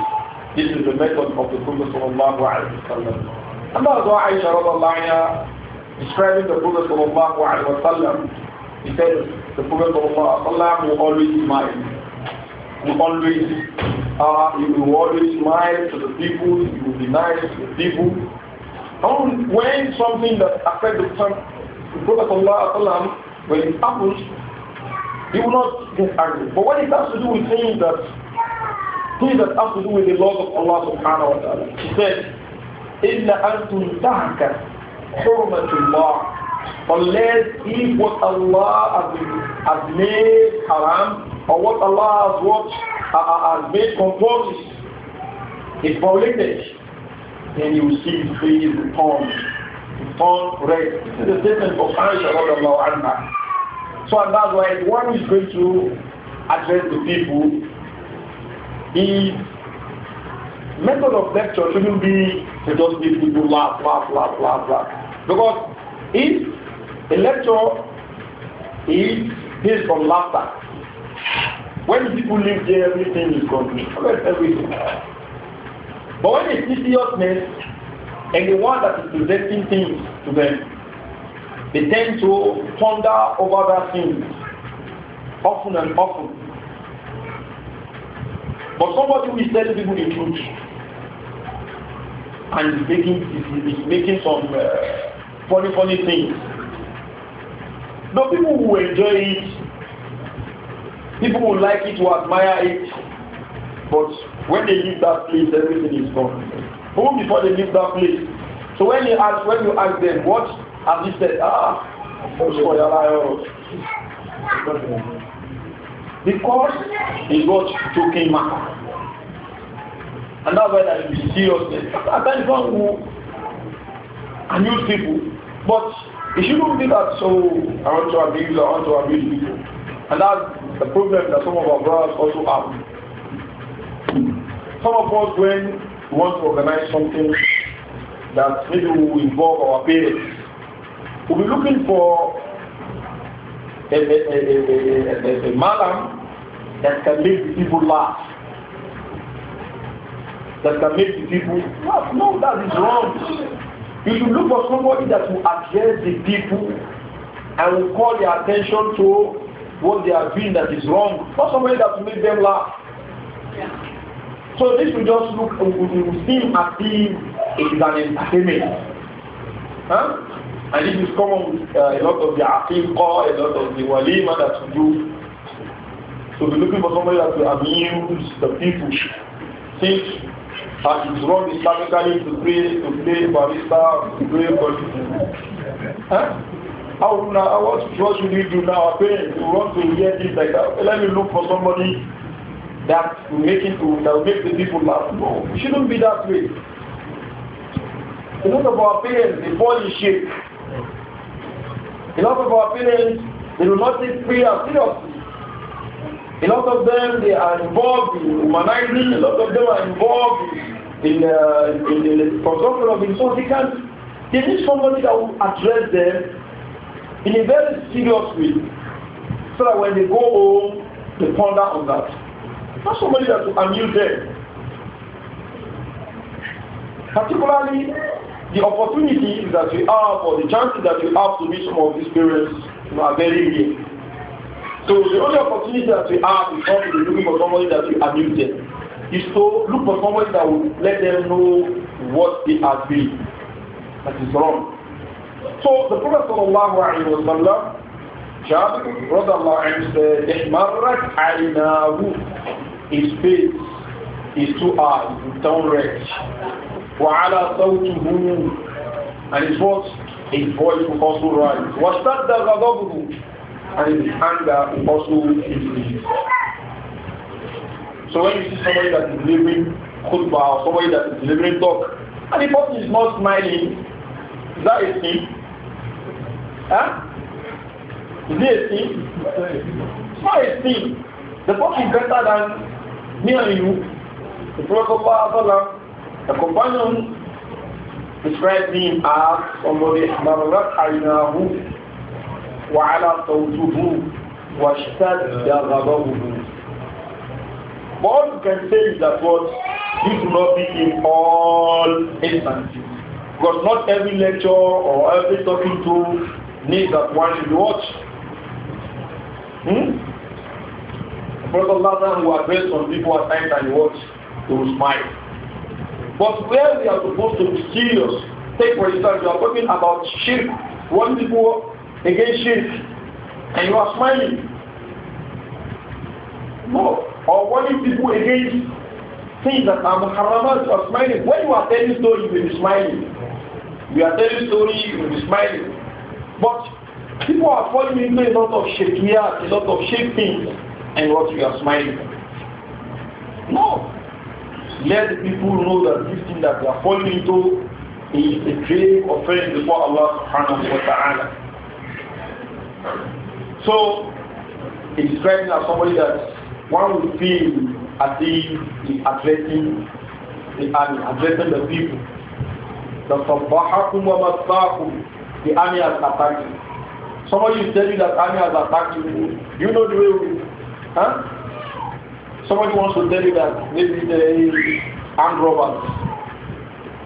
This is the method of the Prophet sallallahu alaihi wasallam. And that's why Aisha radiallahu describing the Prophet sallallahu alaihi wasallam, he said the Prophet sallallahu alaihi wasallam will always smile you always uh, you will always smile to the people, you will be nice to the people. And when something that affects the time, the Prophet ﷺ, when it happens, he will not get angry. But when it has to do with things that things that have to do with the laws of Allah subhanahu wa ta'ala, he said, "Inna أَن تُنْتَهَكَ hurmatullah Unless if what Allah has made haram or what Allah has what uh, uh has made composed is violated, then you will see the trees turn, turn red. This is the statement of Aisha anha. So and that's why one is going to address the people, the method of lecture shouldn't be to just make people laugh, laugh, laugh, laugh, laugh. Because if a lecture is based on laughter, when people live there, everything is complete. Everything. But when they see seriousness and the one that is presenting things to them, they tend to ponder over that thing often and often. But somebody who is telling people the truth and is making, is, is making some uh, funny, funny things. The people who enjoy it People will like it, to admire it, but when they leave that place, everything is gone. Even before they leave that place. So when they ask, when you ask them, what have you said? Ah, because he got joking matter. And that's why that should be serious. At times one who amuse people, but it shouldn't be that so I want to abuse, I want to abuse people. And that's the problem that some of our brothers also have. Some of us, when we want to organize something that maybe will involve our parents, we'll be looking for a, a, a, a, a, a madam that can make the people laugh. That can make the people laugh. No, that is wrong. You should look for somebody that will address the people and will call their attention to what they are doing that is wrong, not somebody that will make them laugh. Yeah. So this will just look, it will seem as if it is an entertainment. Huh? And this is common with uh, a lot of the aqiqah, a lot of the walima that we do. So we're looking for somebody that will amuse the people. Think that it's wrong Islamically to pray, to play barista, to play politics. Huh? How now? What, what should we do now? Our parents want to hear things like that. Uh, let me look for somebody that will make it to, that will make the people laugh. No, it shouldn't be that way. A lot of our parents, they fall in shape. A lot of our parents, they do not take prayer seriously. A lot of them, they are involved in humanizing. A lot of them are involved in, uh, in, in the consumption of insults. They, they need somebody that will address them in a very serious way so that when they go home they ponder on that not somebody that will amuse them particularly the opportunities that we have or the chances that we have to meet some of these parents are very rare so the only opportunity that we have is not to be looking for somebody that you amuse them is to look for somebody that will let them know what they are doing that is wrong so the Prophet sallallahu alayhi wa sallam, Jabir radiallahu anhu said, إِحْمَرَّتْ عَيْنَاهُ His face, his two eyes, down red. وَعَلَى صَوْتُهُ And his voice, his voice will also rise. وَاشْتَدَّ غَضَبُهُ And his anger will also increase. So when you see somebody that is delivering khutbah somebody that is delivering talk, and the person is not smiling, that is him. Huh? Is it a sin? It's not a sin. The book is better than me and you. The Prophet Allah, the companion described him as somebody مرت عيناه وعلى صوته واشتد غضبه But all you can say is that God this not be in all instances. Because not every lecture or every talking to need that one should watch. Hmm? The Prophet will address some people at times and watch, they smile. But where we are supposed to be serious, take for instance, you are talking about shirk, one people against shirk, and you are smiling. No. Or warning people against things that are muharramat, you are smiling. When you are telling story, you will be smiling. You are telling story, you will be smiling. But people are falling into a lot of shakiyat, a lot of shaking, and what you are smiling. No. Let the people know that this thing that they are falling into is a grave offense before Allah subhanahu wa ta'ala. So, it is describing as somebody that one would feel as if he addressing the army, addressing the people. The Sabbahakum wa Mastakum the army has attacked you. Somebody is telling you that army has attacked you. You know the way we, huh? Somebody wants to tell you that maybe the armed robbers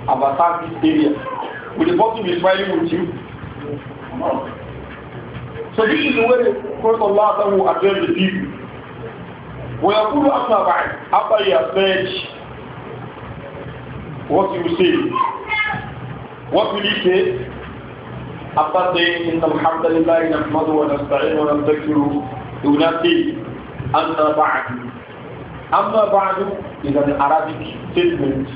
have attacked this area. Will the person be smiling with you? No. So this is the way Prophet Allah will address the people. When you أما بعد after he has said what you say what will he say After saying, إن الحمد لله نحمده ونستعين ونستغفره ينادي أما بعد أما بعد is an Arabic statement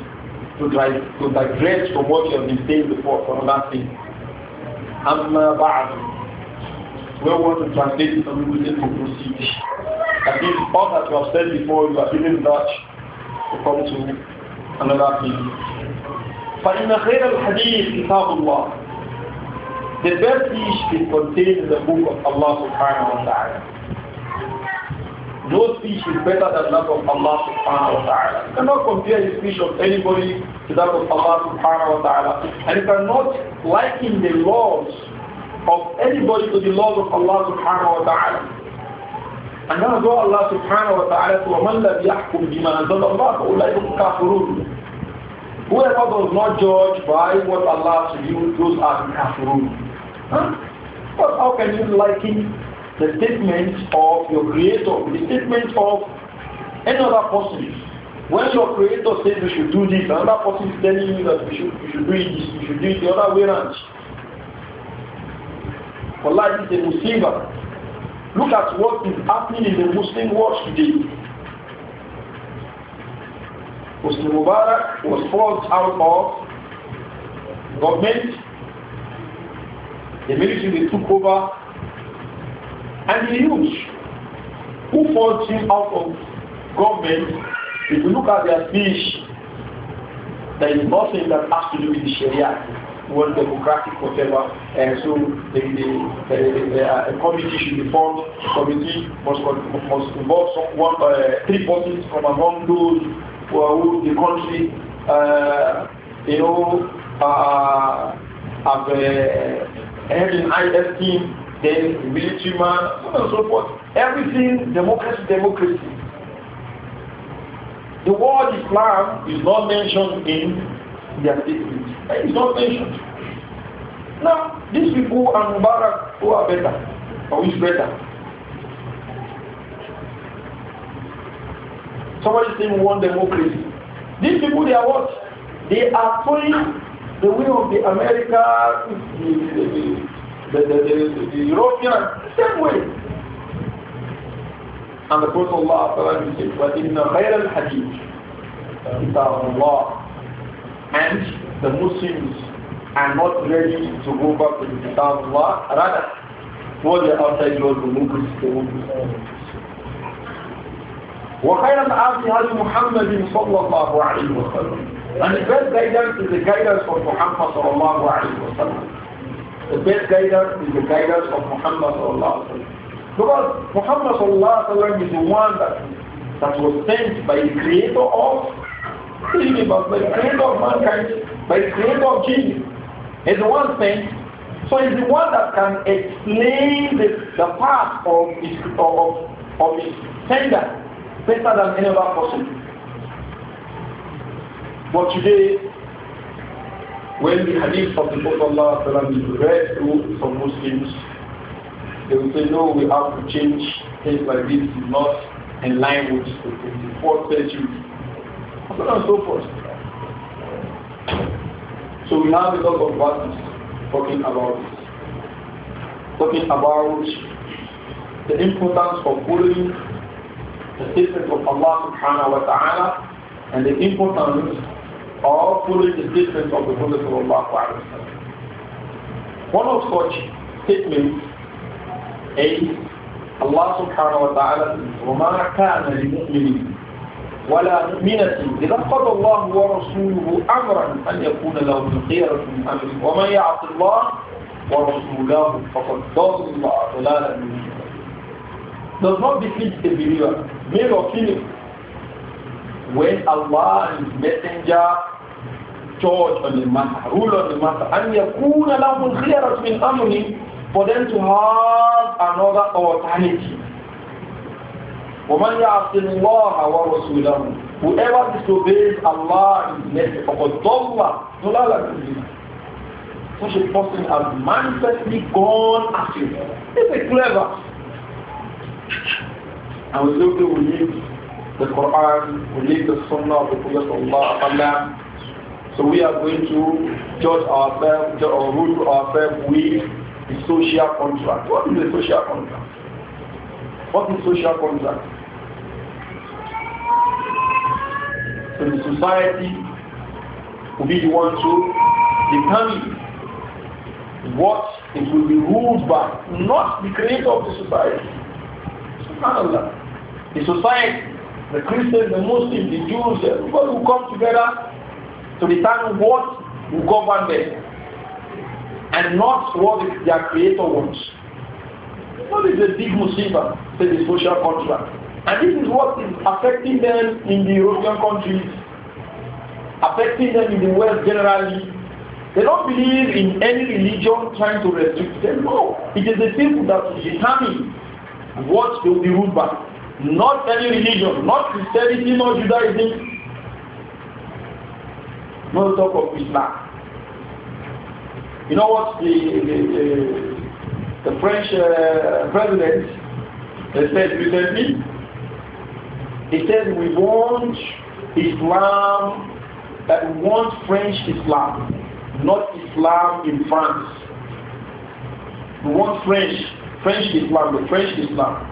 to, drive, to digress from what you have been saying before from that thing. أما بعد we want to translate it from Muslim to proceed. That is all that you have said before, you are even that to come to another thing. فإن خير الحديث كتاب الله the best wish is contained in the book of Allah subhanahu wa ta'ala. No speech is better than that of Allah subhanahu wa ta'ala. You cannot compare the speech of anybody to that of Allah subhanahu wa ta'ala. And you cannot liken the laws of anybody to the laws of Allah subhanahu wa ta'ala. And that's go Allah subhanahu wa ta'ala to وَمَنْ لَمْ يَحْكُمْ بِمَا أَنزَلَ اللَّهُ فَأُولَٰئِكَ الْكَافِرُونَ Whoever does not judge by what Allah revealed, those are the kafirun. But how can you liken the statement of your creator, the statement of another person? When your creator says you should do this, another person is telling you that you should, you should do it this, you should do it the other way around. life is a Muslimer. Look at what is happening in the Muslim world today. Hosni Mubarak was forced out of government the military took over and the who forced him out of government, if you look at their speech, there is nothing that has to do with the Sharia, world democratic, whatever. And so the, the, the, the uh, committee should be formed. The committee must, must involve some, one, uh, three parties from among those who are who the country, uh, you know, uh, have uh, having high esteem, then military man, so on and so forth. Everything democracy, democracy. The word Islam is not mentioned in their statement. It's not mentioned. Now, these people and Mubarak, who are better? Or is better? Somebody saying we want democracy. These people, they are what? They are pulling the way of the America, the, the, the, the European, same way. And the Prophet Allah said, وَإِنَّ خَيْرَ الْحَدِيثِ كِتَابُ اللَّهِ And the Muslims are not ready to go back to the Kitab Allah. Rather, what they outside was the Mughals, the Mughals. وخير العبد هدي محمد صلى الله عليه وسلم and the best guidance is the guidance of Muhammad sallallahu alayhi wa The best guidance is the guidance of Muhammad sallallahu alayhi wa Because Muhammad sallallahu alayhi wa is the one that, that was sent by the creator of the universe, by the creator of mankind, by the creator of genius. He's the one sent. So he's the one that can explain the, the path of his, of, of his sender better than any other person. But today, when the hadith of the Prophet is read to some Muslims, they will say, no, we have to change things like this is not in line with the 24th century. So on and so forth. So we have a lot of verses talking about this. Talking about the importance of following the statement of Allah subhanahu wa ta'ala and the importance all following the statements of the Prophet One of such statements is Allah subhanahu wa ta'ala وَمَا كَانَ لِمُؤْمِنٍ ولا مؤمنة إذا قضى الله ورسوله أمرا أن يكون لهم الخيرة من أمره ومن يعص الله ورسوله فقد ضل ضلالا مبينا Does not defeat the believer, male or female, when Allah and His Messenger judge on the matter, rule on the matter, and يَكُونَ لَهُمْ الْخِيَرَةُ مِنْ أَمْرِهِ For them to have another alternative. وَمَنْ يَعْصِ اللَّهَ وَرَسُولَهُ Whoever disobeys Allah is left for Allah. Such a person has manifestly gone astray. It's a clever. And we look we need the Quran, we need the Sunnah of the Prophet Allah. So we are going to judge ourselves or rule ourselves with the social contract. What is the social contract? What is social contract? So the society will be the one to determine what it will be ruled by, not the creator of the society. SubhanAllah. The society, the Christians, the Muslims, the Jews, everybody will come together to determine what will govern them and not what their creator wants. What is the big musibah, the social contract. And this is what is affecting them in the European countries, affecting them in the West generally. They don't believe in any religion trying to restrict them. No, it is the people that will determine what will be ruled by. Not any religion, not Christianity, not Judaism, no talk of Islam. You know what the the, the, the French uh, president said recently? He said we want Islam that we want French Islam, not Islam in France. We want French, French Islam, the French Islam.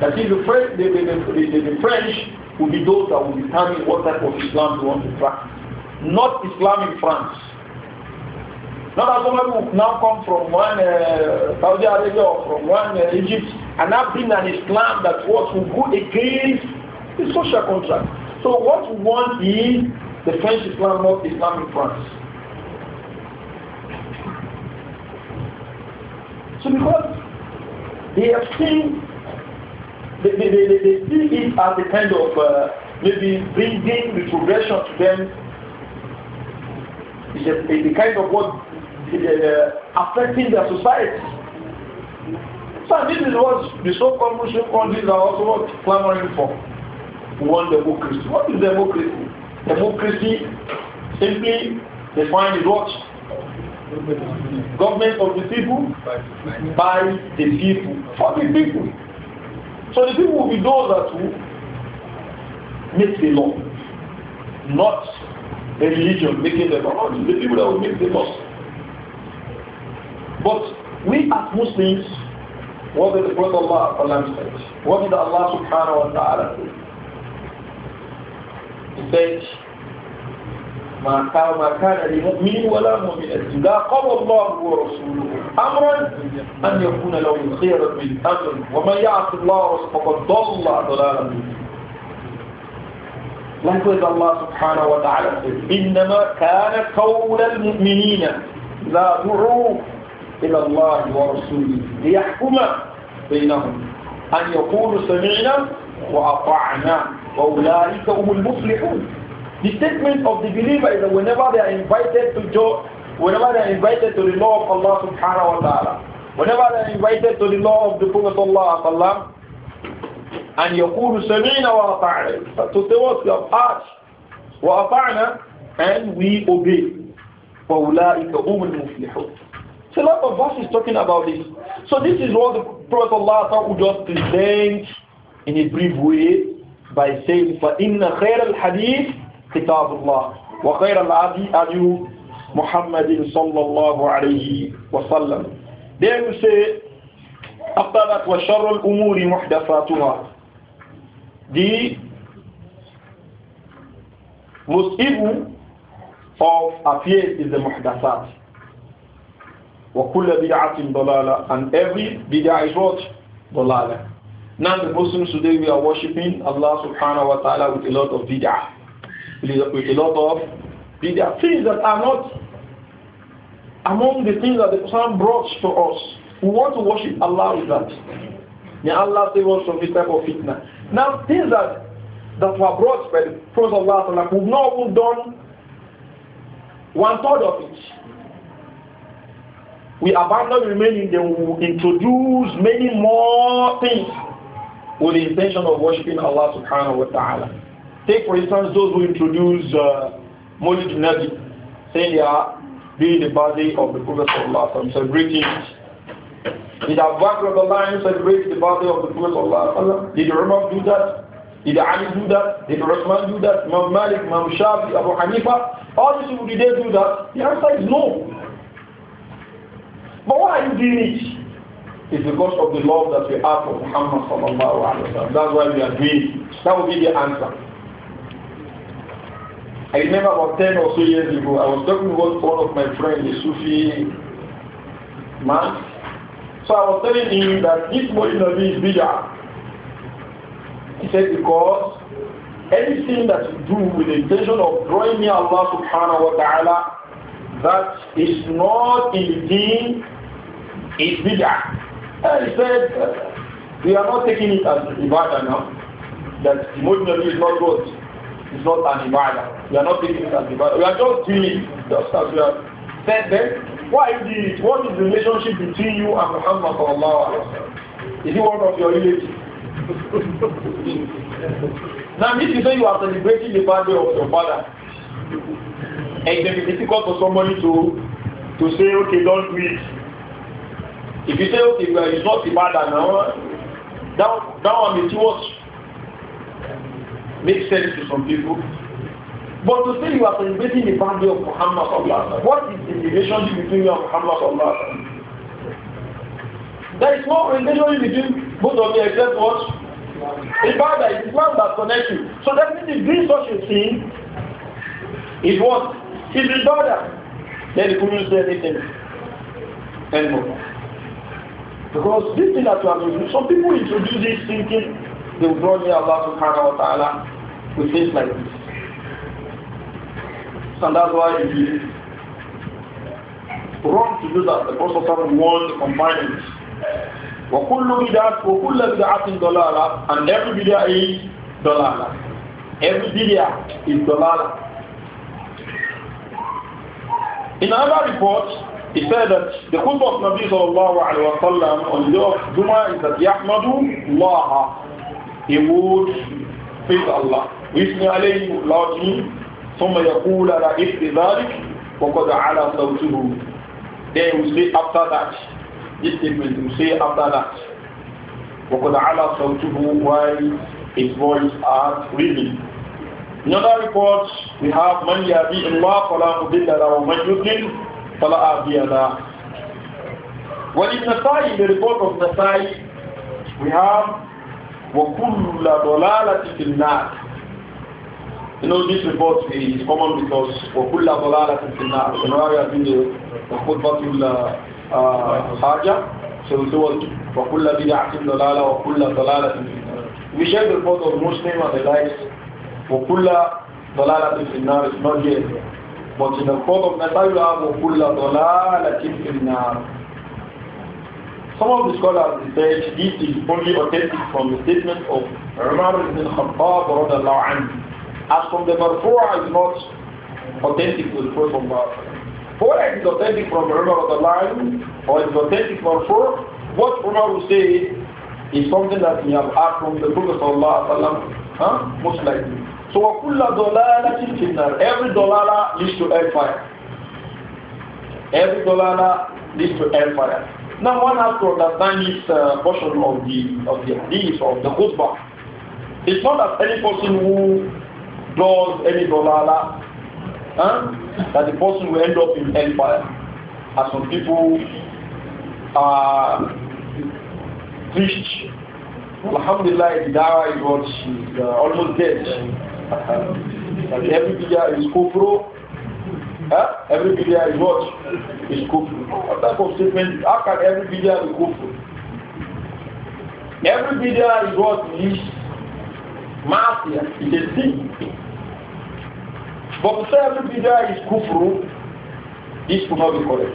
That is, the French, the, the, the, the French will be those that will determine what type of Islam we want to practice not Islam in France. Not as somebody who now come from one uh, Saudi Arabia or from one uh, Egypt and have been an Islam that what will go against the social contract. So what we want is the French Islam, not Islam in France. So because they have seen, they, they, they, they see it as a kind of uh, maybe bringing progression to them is the kind of what uh, uh affecting their society. So this is what the so-called Muslim countries are also clamoring for. One democracy. What is democracy? Democracy simply defined is what? Government of the people by the people. For the people. So the people will be those that will make the law, not a religion making them all the people that will make them us. But we as Muslims, what did the Prophet Allah said? What did Allah subhanahu wa ta'ala do? He said, ما كان ما كان لمؤمن ولا مؤمنة إذا قضى الله ورسوله أمرا أن يكون له خِيَرًا من أمر ومن يعص الله فقد ضل ضلالا مبينا وانقذ الله سبحانه وتعالى إنما كان قول المؤمنين لا دعوا إلى الله ورسوله ليحكم بينهم أن يقولوا سمعنا وأطعنا وأولئك هم المفلحون The statement of the believer is that whenever they are invited to joy, whenever they are invited to the law of Allah subhanahu wa ta'ala, whenever they are invited to the law of the Prophet sallallahu alaihi wasallam, أن يقول سمعنا وأطعنا But to tell us we have heard وأطعنا and we obey فأولئك هم المفلحون So a lot of us is talking about this. So this is what the Prophet Allah would just present in a brief way by saying فَإِنَّ خَيْرَ الْحَدِيثِ كِتَابُ اللَّهِ وَخَيْرَ الْعَدِي أَدِيُّ محمد صلى الله عليه وسلم. Then we say after that وَشَرَّ الْأُمُورِ مُحْدَثَاتُهَا the most evil of affairs is the muhdathat. kullu بِدْعَةٍ ضَلَالَةٍ And every bid'ah is what? Dalala. Now the Muslims today we are worshipping Allah subhanahu wa ta'ala with a lot of bid'ah. With a lot of bid'ah. Things that are not among the things that the Quran brought to us. We want to worship Allah with that. May Allah save us from this type of fitna. Now, things that, that were brought by the Prophet of Allah, we've not done one third of it. We abandon remaining, then we will introduce many more things with the intention of worshipping Allah subhanahu wa ta'ala. Take, for instance, those who introduce uh, Nabi, saying they are being the body of the Prophet, celebrating greetings. Did Abu Bakr celebrate the birthday of the Prophet? Did Umar do that? Did Ali do that? Did Uthman do that? Imam Malik, Imam Shafi, Abu Hanifa? All these people, did they do that? The answer is no. But why are you doing it? It's because of the love that we have for Muhammad sallallahu That's why we are doing it. That will be the answer. I remember about 10 or so years ago, I was talking with one of my friends, a Sufi man, so I was telling him that this Molin Nabi is bigger. He said, because anything that you do with the intention of drawing near Allah subhanahu wa ta'ala, that is not in the deen, is bigger. And he said, we are not taking it as ibadah now. That emotionally is not good. It's not an ibadah. We are not taking it as ibadah. We are just doing it just as we have said then. What is the what is the relationship between you and Muhammad sallallahu alaihi Is he one of your relatives? now, if you say you are celebrating the birthday of your father, and eh, it may be difficult for somebody to to say, okay, don't do it. If you say, okay, well, it's not father now, that, that one may too much. Makes sense to some people. But to say you are celebrating the birthday of Muhammad Sallallahu what is the relationship between you and Muhammad Sallallahu There is no relationship between both of you except what? Ibadah is one that connects you. So definitely this: such a thing is what? Is Ibadah. Then you couldn't say anything anymore. Because this thing that you are doing, some people introduce this thinking they will draw near Allah subhanahu wa ta'ala with things like this and that's why it is wrong to do that. The Prophet warned the companions. وَكُلُّ بِدَعَةٍ وَكُلَّ بِدَعَةٍ ضَلَالَةٍ And every bid'ah is dalala. Every bid'ah is dalala. In another report, he said that the khutbah of Nabi sallallahu alayhi wa sallam on the day of Juma is that يَحْمَدُ اللَّهَ He would praise Allah. وَيُثْنِي عَلَيْهِ لَوْجِهِ ثم يقول على إثر ذلك وقد على صوته Then we say after that, this statement we say after that, وقد على صوته while his voice are reading. In other reports, we have من يهدي الله فلا مضل له ومن يضلل فلا هادي له. وفي النسائي, the report of Nasai, we have وكل ضلالة في النار. You know, this report is common because وَكُلَّ ضَلَالَةٍ فِي النَّارِ So now we are doing the وَخُطْبَةُ الْحَاجَة uh, uh, So we do وَكُلَّ بِدَعْةٍ ضَلَالَةٍ وَكُلَّ ضَلَالَةٍ فِي النَّارِ We share the report of Muslim and the likes وَكُلَّ ضَلَالَةٍ فِي النَّارِ is not here. But in the report of Nasai we have وَكُلَّ ضَلَالَةٍ فِي النَّارِ some of the scholars said this is only authentic from the statement of Umar ibn Khattab radiallahu anhu as from the Marfu'a is not authentic to the Prophet of Allah. Whether it is authentic from the Umar of the line or it is authentic Marfu'a, what Umar will say is something that we have heard from the Prophet of Allah, huh? most likely. So وَكُلَّ ضَلَالَةٍ فِي النَّارِ Every dolala leads to hellfire. Every dolala leads to hellfire. Now one has to understand this uh, portion of the of the hadith of the khutbah. It's not that any person who does any dollar, huh? that the person will end up in hellfire. As some people are uh, Alhamdulillah, the dawah is what she's uh, almost dead. Uh, every video is kufru, huh? every video is what? Is kufru. What type of statement? How can every video be kufru? Every video is what is mafia, is a thing. But to say every bidah is kufru, this will not be correct.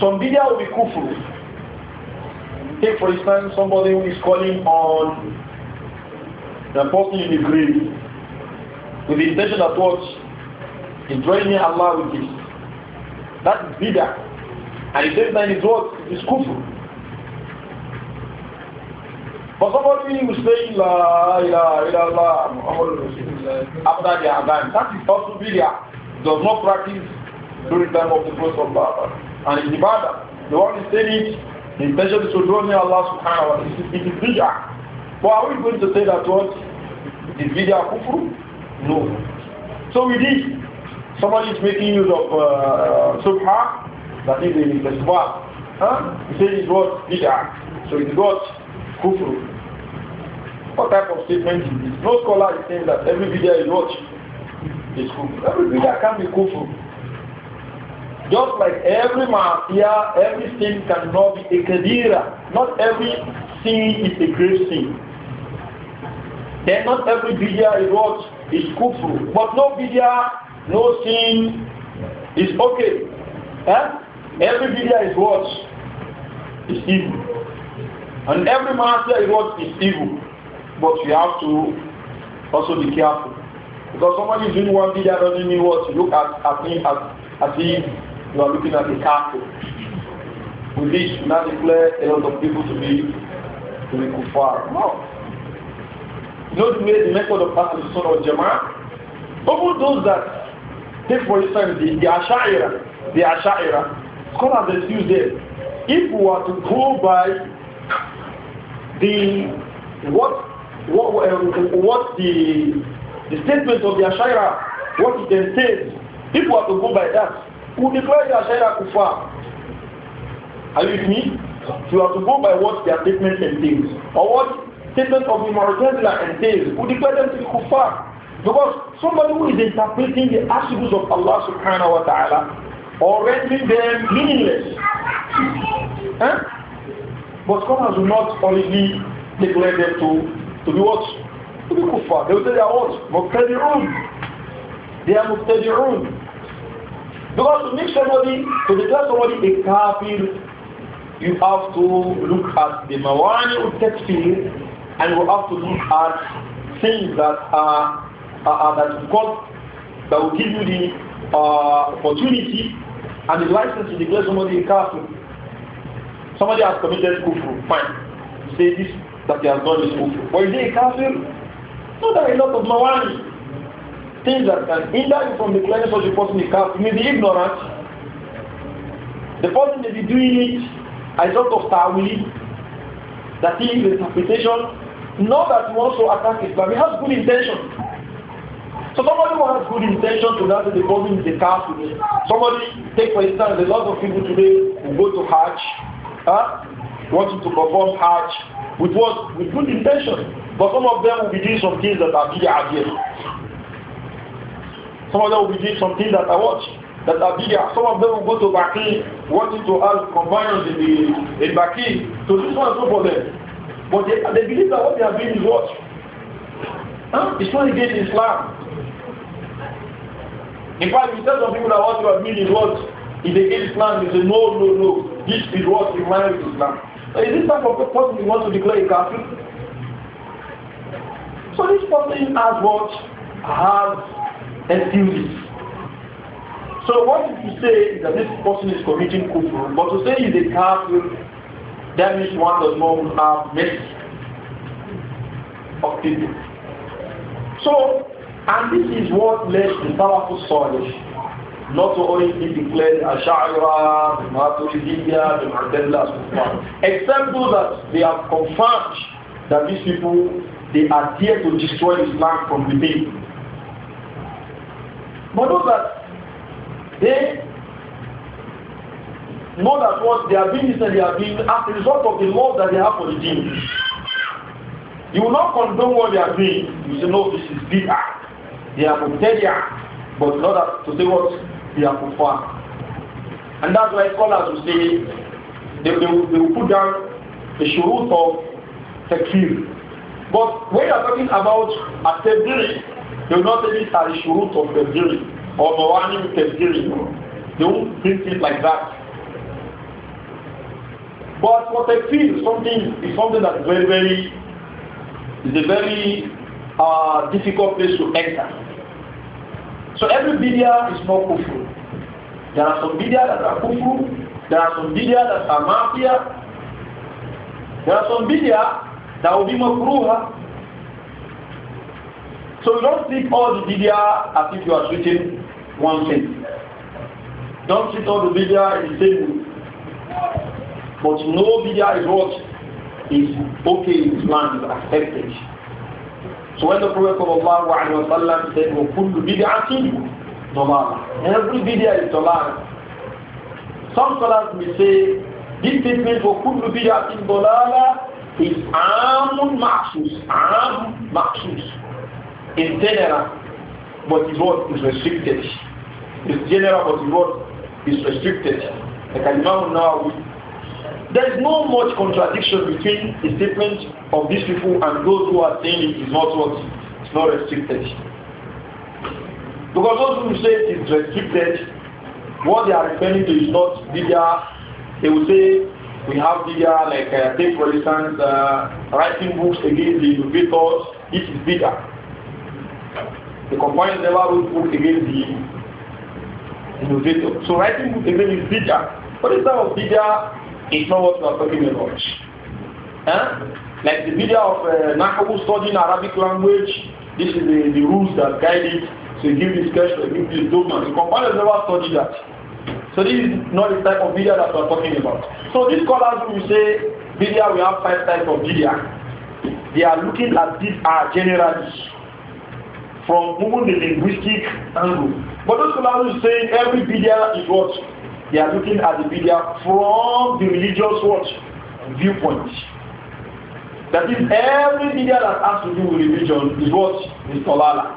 Some bidah will be kufru. Take for instance somebody who is calling on the person in the grave with the intention that what is joining Allah with this. That is bidah. And the same time is what? It is kufru. But somebody who say La ilaha illallah Muhammad after the Adhan, that is also bid'ah. Does not practice during time of the Prophet of Allah. And in Ibadah, the one is saying it, the intention to draw near Allah subhanahu wa ta'ala. It is bid'ah. But are we going to say that what? Is bid'ah kufru? No. So we did. Somebody is making use of uh, uh subha, that is the, the subha. Huh? He says it's what? Bid'ah. So it's got kufru. What type of statement is this? No scholar is saying that every video you watch is kufru. Every video can be kufru. Just like every mafia, every sin cannot be a kadira. Not every sin is a grave sin. Then not every watch is what is kufru. But no video, no sin is okay. Eh? Every bidya is is evil. And every master is what is evil. But you have to also be careful. Because somebody is doing one thing that doesn't mean what you look at, at him, as, as if you are looking at a castle. With this, you now declare a lot of people to be to be kuffar. No. You know the way the method of Ahlul Sunnah Jama'ah? Even those that take for instance the, the Asha'ira, the Asha'ira, scholars excuse them. If we were to go by the what what um, what the the statement of the Ashaira, what it entails, people have to go by that, who declare the Ashaira Kufa? Are you with me? So you have to go by what their statement entails, or what statement of the Mu'tazila entails, who declare them to be Because somebody who is interpreting the attributes of Allah subhanahu wa ta'ala or rendering them meaningless. Huh? But scholars will not only declare them to, to be what? To be kuffar. They will say they are what? Muqtadirun. They are Muqtadirun. Because to make somebody, to declare somebody a kafir, you have to look at the mawani of takfir and you have to look at things that are, are that God that will give you the uh, opportunity and the license to declare somebody a kafir. Somebody has committed kufru, fine. Say this that he has done is kufru. But is he a kafir? No, there are a lot of mawani. Things that can hinder you from declaring such a person a kafir. You may be ignorant. The person may be doing it as a sort of tawili. That is the interpretation. Not that he wants to attack but He has good intention. So somebody who has good intention to that the person is a kafir. Somebody, take for instance, a lot of people today who go to Hajj huh, wanting to perform Hajj with what? With good intention. But some of them will be doing some things that are bid'ah here. Some of them will be doing some things that I watch That are bid'ah. Some of them will go to Baki wanting to have companions in, the, in Baki So this one is not for them. But they, they believe that what they are doing is what? Huh? It's not against Islam. In fact, we tell some people that what you are doing is what? is against Islam. He said, no, no, no, this is what in line with Islam. So is this type of person you want to declare a Catholic? So this person has what? Has excuses. So what if you say that this person is committing kufr, but to say he's a Catholic, that means one does not have mercy of people. So, and this is what led the powerful Solish not only be declared Ash'ira, the Maturidiyya, the Mu'tazila, except those that they have confirmed that these people they are here to destroy Islam from within. But those that they know that what they are being and they are been as a result of the law that they have for the deen. You will not condone what they are doing. You say, no, this is bid'ah. They are mubtadi'ah. But not to say what they are And that's why scholars will say they, they, will, they will put down the shurut of takfir. But when you are talking about a tabiri, they will not say these are the shurut of tabiri or mawani tabiri. They won't it like that. But what I feel something is something that is very, very is a very uh, difficult place to enter. So every bidya is not kufru. There are some bidya that are kufru. There are some bidya that are mafia. There are some bidya that will be makruha. So you don't treat all the bidya as if you are treating one thing. Don't treat all the bidya in the same But no bidya is what is okay in Islam is accepted. So when the Prophet sallallahu alayhi wa sallam said, وَكُلُّ بِدْعَةٍ ضَلَالَةٍ Every bid'ah is dollar. Some scholars may say, this statement for كُلُّ بِدْعَةٍ ضَلَالَةٍ is عَامٌ مَعْسُوس عَامٌ مَعْسُوس In general, but his word is restricted. It's general, but his word is restricted. Like Imam Nawawi There is no much contradiction between the statement of these people and those who are saying it is not what it's not restricted. Because those who say it is restricted, what they are referring to is not bigger. They will say we have bigger, like uh, take for instance, uh, writing books against the innovators. This is bigger. The companions never wrote books against the innovators. So writing books against is bigger. What is that of bigger it's not what we are talking about. Huh? Like the video of uh, Nakabu studying Arabic language, this is the, the rules that guide it. So give this cash, give this dogma. The compilers never study that. So this is not the type of video that we are talking about. So these scholars will say, video we have five types of video. They are looking at these are generally from moving the linguistic angle. But those scholars are saying every video is what they are looking at the media from the religious what? viewpoint. That is, every media that has to do with religion is what? Is Tolala.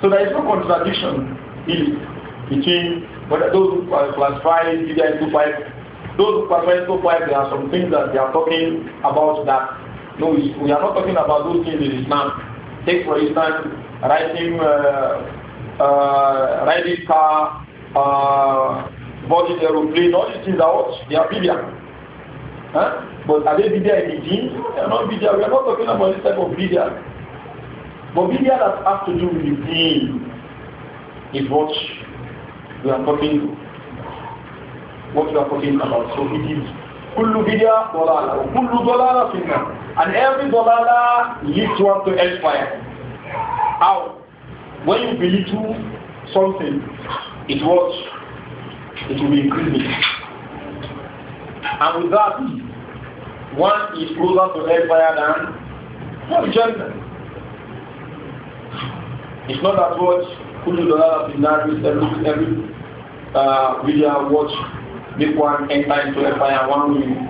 So there is no contradiction in, between whether those who classify media into five, those who classify into five, there are some things that they are talking about that. No, we are not talking about those things in Islam. Take, for instance, writing, uh, uh, riding car, uh, boarding the aeroplane, all these things are what? They are bidia. Huh? But are they bidia in the deen? They are not bidia. We are not talking about this type of bidia. But bidia that has to do with the deen is what we are talking what we are talking about. So it is kullu bidia dolala, kullu dolala finna. And every dolala leads one to expire. How? When you belittle something, it works it will increase increasing. And with that, one is closer to hellfire than not Jannah. It's not that what Kulu Dollar Pinaris every every uh, video watch make one enter into hellfire, one will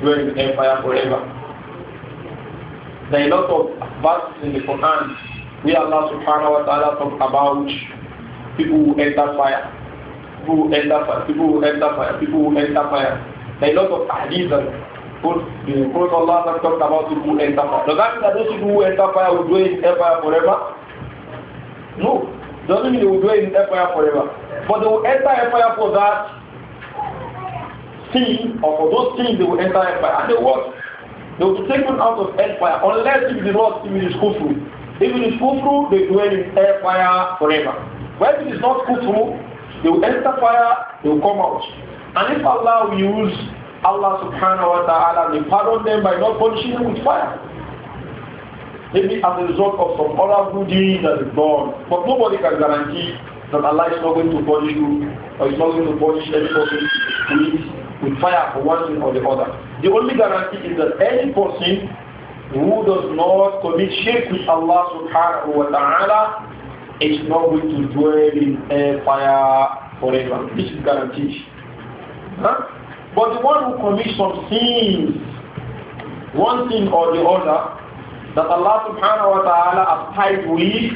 dwell in hellfire forever. There are a lot of verses in the Quran where Allah subhanahu wa ta'ala talks about people who enter fire people end enter fire, people will enter fire, people will enter fire. There are a lot of hadiths that the Prophet Allah has talked about people who enter fire. Does that mean that those people who enter fire will dwell in fire forever? No. Doesn't mean they will dwell in fire forever. But they will enter fire for that sin or for those things they will enter fire. And they what? They will be taken out of fire unless if the Lord if it is kufru. If it is kufru, they dwell in fire forever. When it is not kufru, they will enter fire, they will come out. And if Allah will use Allah subhanahu wa ta'ala may pardon them by not punishing them with fire. Maybe as a result of some other good deed that is done. But nobody can guarantee that Allah is not going to punish you or is not going to punish any person with fire for one thing or the other. The only guarantee is that any person who does not commit shirk with Allah subhanahu wa ta'ala it's not going to dwell in air fire forever. This is guaranteed. Huh? But the one who commits some sins, one thing or the other, that Allah subhanahu wa ta'ala has tied with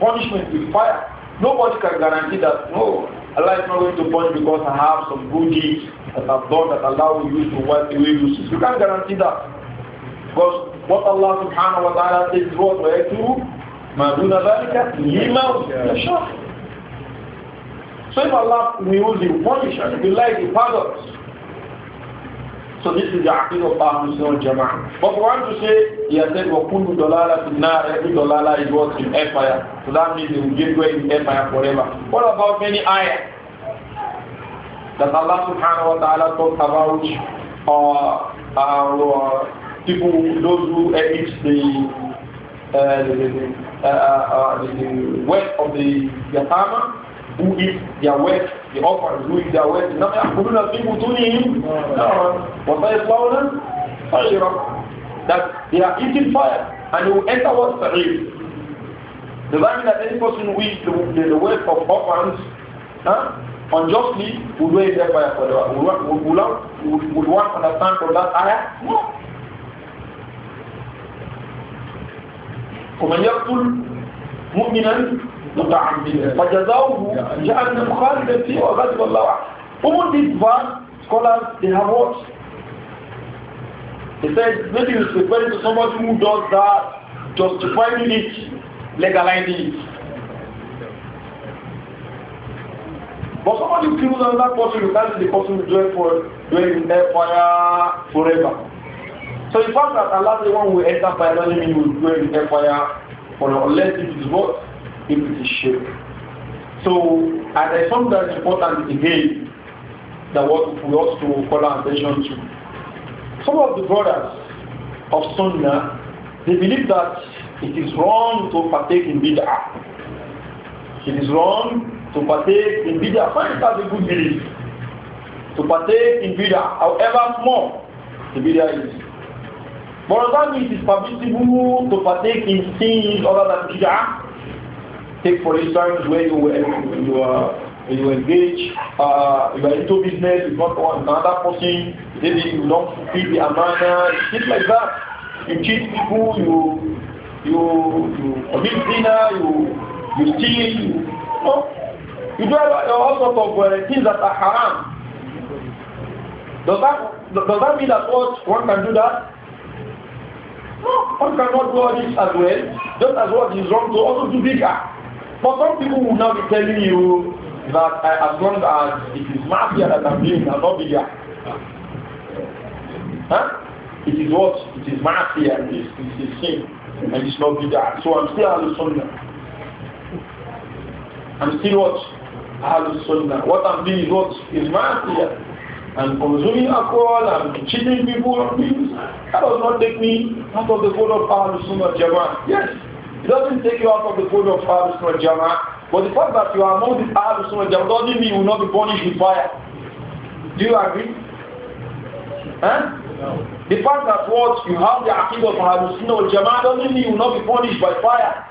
punishment with fire. Nobody can guarantee that, no, Allah is not going to punish because I have some good deeds that I've done that Allah will use to wipe away your sins. You can't guarantee that. Because what Allah subhanahu wa ta'ala says is what? ما دون ذلك لمن So if Allah removes you, punish us. If like, the pardons. So this is the aqid of Ahlul Sunnah Jama'ah. But we want to say, he has said, وَكُلُّ دَلَالَةٍ نَارِ Every dalala is what? In empire. So that means they will get away in empire forever. What about many ayahs? That Allah subhanahu wa ta'ala talks about uh, uh, people, those who eat the, uh, the, the uh, uh, uh, the, the wealth of the, the farmer who is their work, the offering, who is their work. wealth. إنما يأكلون في بطونهم نارا وسيصلون fire. That they are eating fire and they will enter what the Does The mean that any person who the, the, the wealth of orphans huh, unjustly will do a fire for them? Would, would, would, would one understand from that ayah? No. ومن يقتل مؤمنا متعمدا فجزاؤه جهنم خالدا فيها وغضب الله All these verse scholars they have what? He says maybe it's referring to somebody who does that, justifying it, legalizing it. But somebody kills another person, you can't see the person who for dwell in their fire forever. So the fact that Allah the one will enter fire doesn't mean will go and enter fire for unless it is what? If it is shirk. So and there's something that's important again that what we ought to call our attention to. Some of the brothers of Sunnah they believe that it is wrong to partake in bid'ah. It is wrong to partake in bid'ah. Fine, that's a good belief. To partake in bid'ah, however small, the bid'ah is. But does it is permissible to partake in things other than bid'ah? Take for instance where you were you are you engage, uh, you are into business, you got another person, maybe you don't feed the amana, things like that. You cheat people, you you you commit dinner, you you steal, you, you know. You do all sorts of uh, things that are haram. Does that does that mean that what one can do that? One cannot do all this as well. Just as what is wrong to also do bigger. But some people will now be telling you that uh, as long as it is mafia that I'm doing, I'm not bigger. Huh? It is what? It is mafia. It is, it is sin. And it's not bigger. So I'm still hallucinating. I'm still what? hallucinating. What I'm doing is what? Is mafia and consuming alcohol and cheating people of things, that does not take me out of the fold of Ahlul Sunnah Jama'ah. Yes, it doesn't take you out of the fold of Ahlul Sunnah Jama'ah, but the fact that you are among the Ahlul Sunnah Jama'ah doesn't mean you will not be punished with fire. Do you agree? Huh? No. The fact that what you have the Aqidah of Ahlul Sunnah wal Jama'ah doesn't mean you will not be punished by fire.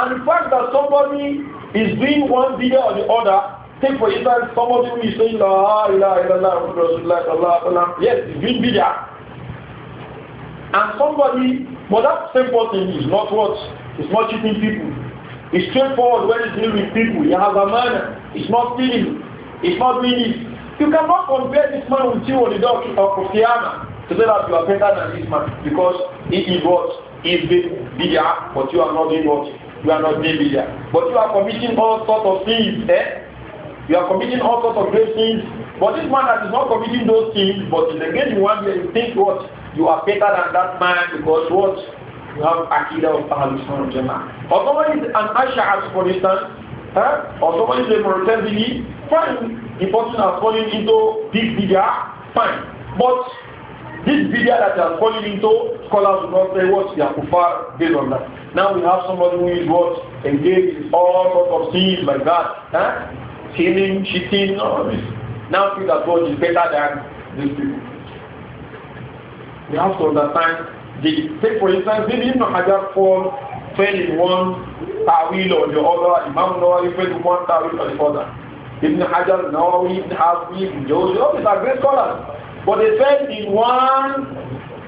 And the fact that somebody is doing one video or the other take for instance somebody is saying ah, ilaha illallah Rasulullah sallallahu alaihi yes, he's be there. And somebody, but that same person is not what? It's not cheating people. It's straightforward when it's dealing with people. He has a manner. It's not stealing. It's not doing You cannot compare this man with you on the day of Qiyamah to say that you are better than this man because he is what? He is bid'ah, but you are not doing what? You are not doing bid'ah. But you are committing all sorts of things. eh? You are committing all sorts of great things. But this man that is not committing those things, but is again one where you think what? You are better than that man because what? You have Akida of of Jannah. Or someone is an Ash'as, for instance, huh? or someone is a Mauritanian, fine. The person has fallen into this video, fine. But this video that has fallen into, scholars will not say what they are kufar based on that. Now we have somebody who is what engaged in all sorts of things like that. Huh? stealing, cheating, all this. Now feel that God is better than these people. We have to understand. The, take for instance, maybe Ibn Hajar fall fell in one ta'wil or the other, Imam Nawawi fell in one ta'wil or the other. Ibn Hajar, Nawawi, Ibn Hazmi, Ibn Jawzi, all these are great scholars. But they fell in one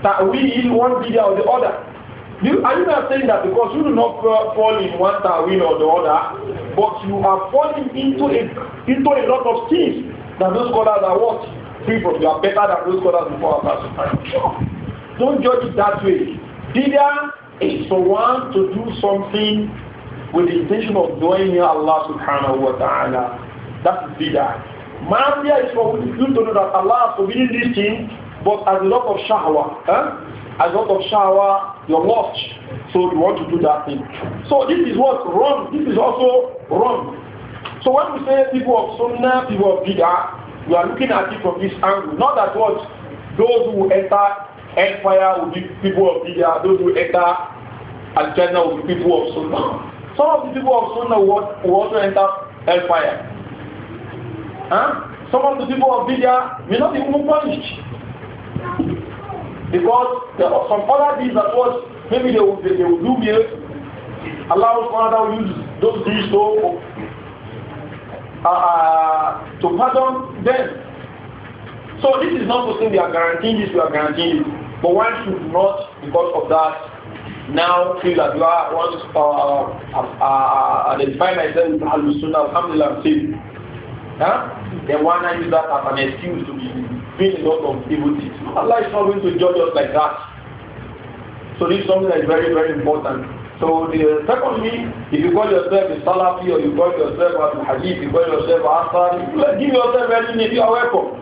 ta'wil, one video or the other. You, are you not saying that because you do not fall in one ta'wil or the other, but you are falling into a, into a lot of things that those scholars are what? Free from. You are better than those scholars before our Sure. Don't judge it that way. Didier is the one to do something with the intention of doing Allah subhanahu wa ta'ala. That is Didier. Mafia is for you to know that Allah has forbidden this thing, but as a lot of shahwa. Eh? as lot of shower, your watch. So you want to do that thing. So this is what's wrong. This is also wrong. So when we say people of Sunnah, people of Bid'ah, we are looking at it from this angle. Not that what those who enter empire will be people of Bid'ah, those who enter Al-Jannah will be people of Sunnah. Some of the people of Sunnah will also enter hellfire. Huh? Some of the people of Bid'ah may not even be punished. Because there are some other deeds that was maybe they will, they, they will do here. Allah Subhanahu will use those things to uh, uh, to pardon them. So this is not something say we are guaranteeing this, we are guaranteeing it. But one should not, because of that, now feel that you are once uh uh, uh, uh, identify myself with Al Sunnah, Alhamdulillah, I'm saved. Huh? Then one I use that as an excuse to be being a lot of evil things. Allah is not going to judge us like that. So this is something that is very, very important. So the, secondly, if you call yourself a Salafi or you call yourself a Hadith, you call yourself a you give yourself any name, you are welcome.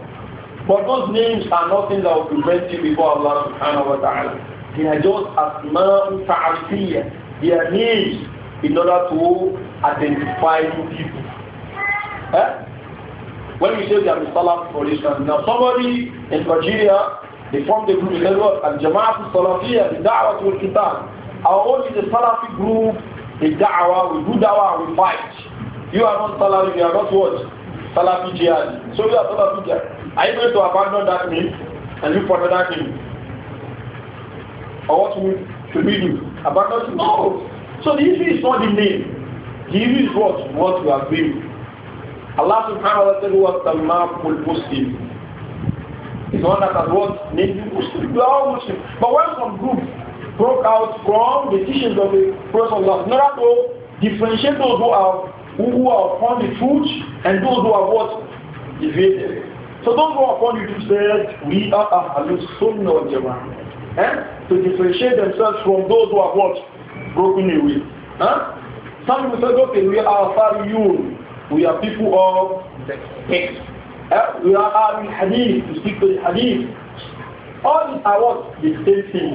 But those names are nothing that will prevent you before Allah subhanahu wa ta'ala. They are just asma'u ta'afiyya. They are names in order to identify people. Eh? When we say the Abu Salaf, for now somebody in Nigeria, they formed a group, they said, Al-Jama'at al-Salafiyya, the Da'wat wal-Kitab. Our own is a Salafi group, a Da'wah, we do Da'wah, we fight. You are not Salafi, you are not what? Salafi jihad. So you are Salafi jihad. Are you going to abandon that name and look for another name? Or what should we do? Abandon? No! So the issue is not the name. The issue is what? What we are doing. Allah subhanahu wa ta'ala was the ma'ful Muslim. He's the one that has what? Made you Muslim. You are all Muslim. But when some group broke out from the teachings of the Prophet Allah, in order to differentiate those who are, who are upon the truth and those who are what? Deviated. So don't go upon you to say we are a Sunnah wal Jama'ah. Eh? To differentiate themselves from those who are what? Broken away. Eh? Some people said, okay, we are you. We are people of text. Eh, we are having Hadith. We speak to the Hadith. All these are what? The same thing.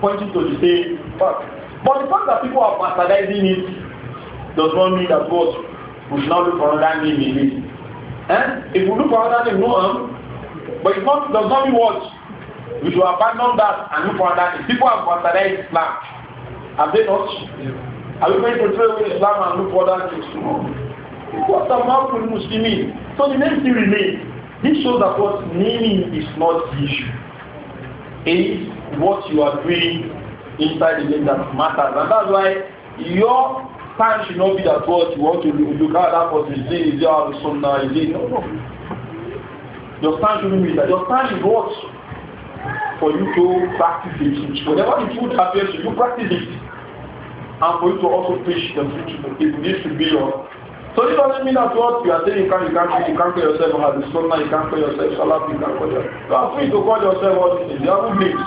Pointing to the same fact. But the fact that people are bastardizing it does not mean that God we not look for another name in it. Eh? If we look for another name, no harm. Um, but it not, does not mean what? We should abandon that and look for another name. People have bastardized Islam. Have they not? Yeah. Are we going to throw away Islam and look for other things? No. What about for Muslims? So the main thing remains. This shows that what naming is not the issue. It is what you are doing inside the name that matters. And that's why your time should not be that what you want to look at that person is saying, is there a sunnah, is it? No, no. Your time should be that. Your time is what? For you to practice it. Whatever the truth appears to you, practice it. And for you to also preach the truth to the people. This should be your So it doesn't mean that what you are saying you can't, you can't, you can't call yourself a Hadith Sunnah, you can't call yourself Salaf, you can't call yourself. You are free to call yourself what you the other names.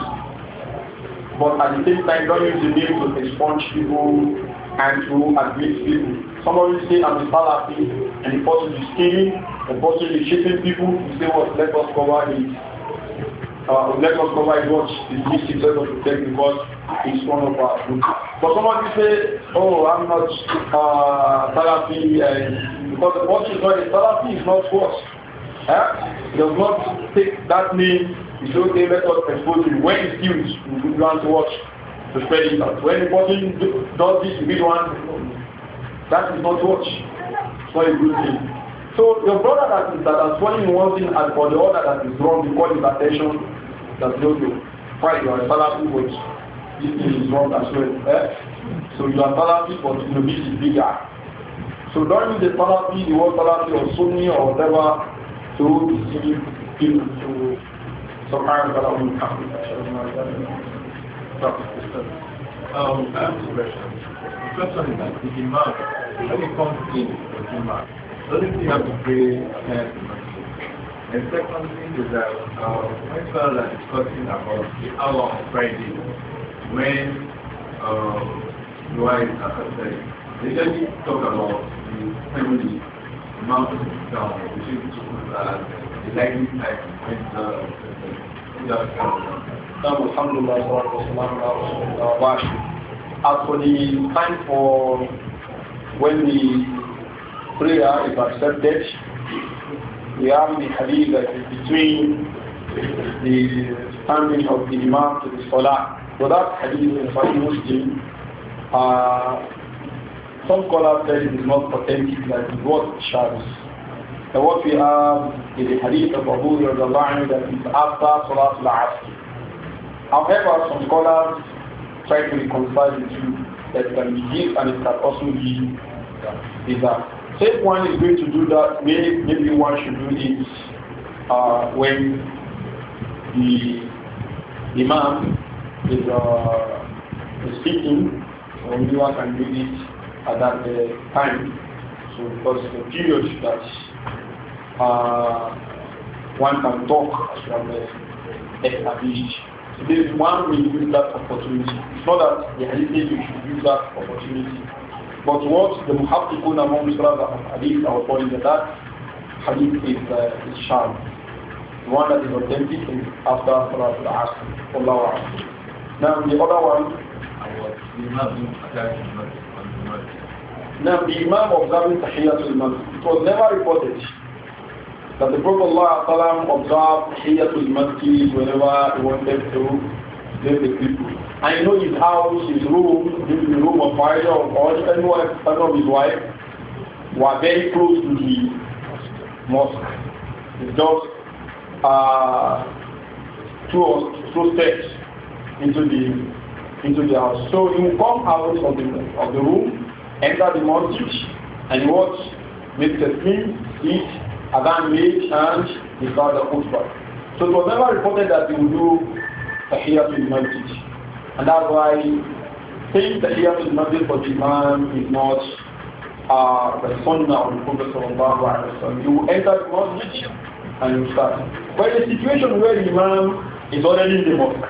But at the same time, don't use the name to expunge people and to admit people. Some of you say I'm a Salafi and the person is stealing, the person is cheating people, you say what, let us cover it. uh, let us provide what is missing, let us protect because it's one of our food. But somebody say, oh, I'm not uh, therapy, and uh, because is not a therapy it's not force. Eh? Does not take that name. It's okay, let us expose it. When it's used, we want to watch to spread it out. When the person does this, we want that is not watch. It's not a good thing. So your brother that is that has fallen in one thing and for the other that is wrong, you call his attention that you know, fine, you are but this thing is wrong as well. Eh? So you are Salafi, but you know, this is bigger. So don't use the the word Salafi or Sunni or whatever to deceive people to subhanahu wa ta'ala. Um, I have two questions. first one is that the Imam, when he comes in, Imam, doesn't he have to pray and secondly is that uh, my father is talking about the hour of Friday when uh, um, Noah is affected. They usually talk about the family, the mountain down, which is uh, the likely time of the Alhamdulillah, wa wa As for the time for when the prayer ah, is accepted, the have the hadith that is between the standing of the Imam to the Salah. without that hadith in Sahih Muslim, uh, some scholars say it is not authentic that it was Shabbos. And what we have is the hadith of Abu Yardalani that is after Salah al-Asr. However, some scholars try to reconcile the two. That can be this and it can also be that. Third one is going to do that, maybe, maybe one should do it uh, when the Imam is, uh, is speaking, so maybe one can do it at that uh, time. So because the period that uh, one can talk as well as uh, established. So there is one we use that opportunity. It's not that the hadith you should use that opportunity. But what the muhaqqiqun among Surah of hadith are calling that, that hadith is, uh, is sham. The one that is authentic is after Salat al-Asr. Allah Now the other one, now the Imam observing Tahiyyat al-Masjid. It was never reported that the Prophet Allah observed Tahiyyat al-Masjid whenever he wanted to lead the people. I know his house, his room, his the room of fire of or anyone, any of his wife, were very close to the mosque. It's just uh, two, or, two steps into the into the house. So he will come out of the of the room, enter the mosque, and watch Mr. Smith clean, eat, a made, and the father So it was never reported that he would do the mosque. And that's why saying Tahiyatul Masjid for the Imam is not uh, the Sunnah of the Prophet Sallallahu Alaihi So You enter the Masjid and you start. But in a situation where the Imam is already in the mosque,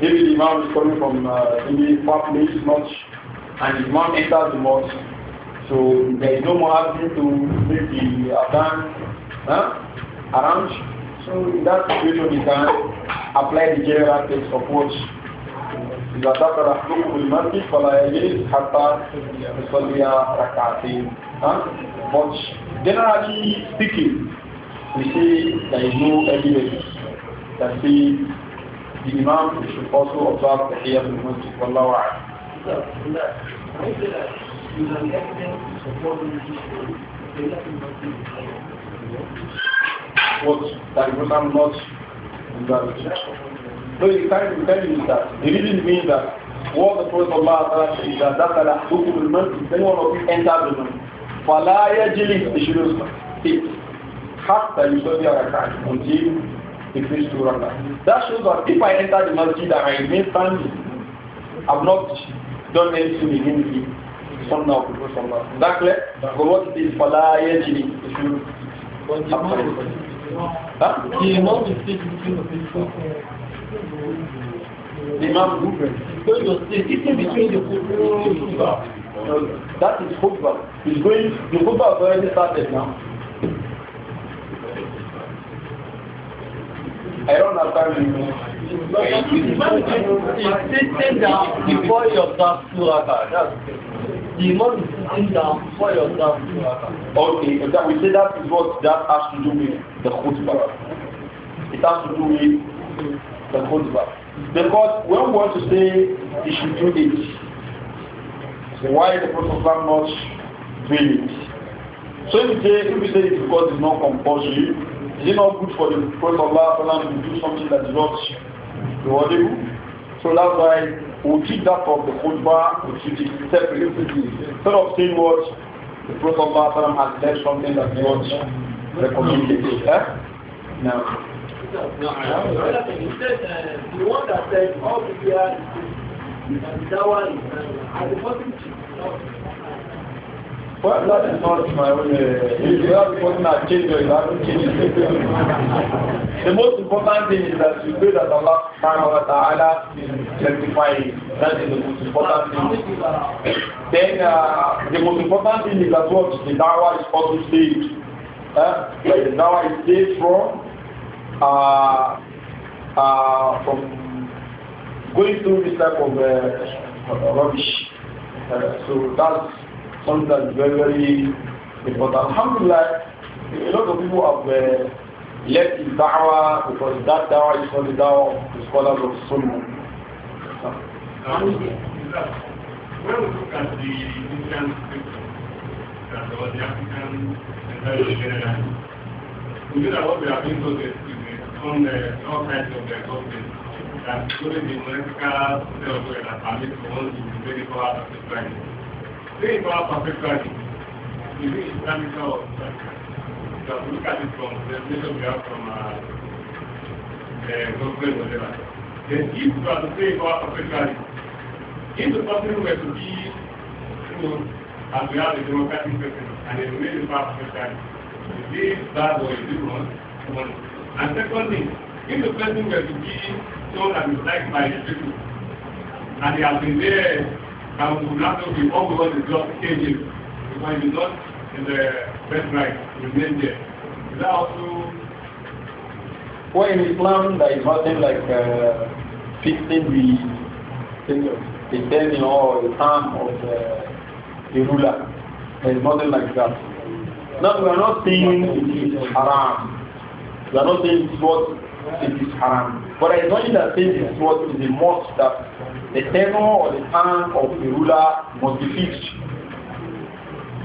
maybe the Imam is coming from uh, maybe far place, and the Imam enters the mosque, so there is no more having to make the advance around. So in that situation, you can apply the general text of what إذا دخل أحدكم المسجد فلا يجلس حتى يصلي ركعتين generally speaking, we see there is no evidence that the Imam should also observe the Hiyat al-Masjid. Wallahu a'lam. What? That Imam not observe so it's can to tell you that. doesn't mean that what the Prophet Allah said is that that Allah hukum al masjid, then one of you enter the masjid. فَلَا يَجْلِسْ They should حَتَّى يُصَلِّي رَكَعَةً Until he finishes That shows that if I enter the masjid and I remain standing, I've not done anything against the sunnah of the Prophet Allah. Is that clear? But what it is, فَلَا يَجْلِسْ They shouldn't sit. Huh? The amount of between the people the man movement. So to stay sitting between the khutbah. That is football. It's going, the football has already started now. I don't have time understand you. It's sitting down before your staff to That's the man is sitting down before your staff to Okay, and that we say that is what that has to do with the football. It has to do with the khutbah. Because when we want to say he should do it, so why the Prophet of not doing it? So if you say, if you say it's because it's not compulsory, is it not good for the Prophet of Allah to do something that is not rewardable? So that's why we treat that of the khutbah, we treat it separately. Instead of saying what the Prophet of Allah has left something that is not recommended. Eh? Now, no, I don't know. The one that said all the year is that one is at the bottom well, that is not my own. If you have important change or you have change changed the most important thing is that you pray that Allah subhanahu wa ta'ala rectify That is the most important thing. Then uh, the most important thing is that what the dawah is also saved. Uh, the dawah is saved from uh, uh, from going through this type of uh, rubbish. Uh, so that's something that's very, very important. Alhamdulillah, a lot of people have uh, left his da'wah because that da'wah is not the da'wah of the scholars of Sunnah. So. When we look at the Indian scripture, that the African uh, and the General, we know that what we are being told con le offerte del governo. La figura di America della guerra ha messo oggi di medico a Pakistan. Medico a Pakistan, il vice islamico da Bulgari from the middle girl from the government of Iraq. Then if you about Africa, if the person were to be have a democratic person and a really fast person, is bad or is this wrong? And secondly, if the person were to be told that it's like by the people, and he has been there, that would not be all over the block stages, because it is not in the best right, remain there. Is that also? Well, in Islam, there is nothing like uh, fixing the thing, the tenure or the term of the, the ruler. There is nothing like that. No, we are not seeing it is haram. You are not saying this what it is haram. But I nothing that saying this what is the most that the tenor or the hand of the ruler must be fixed.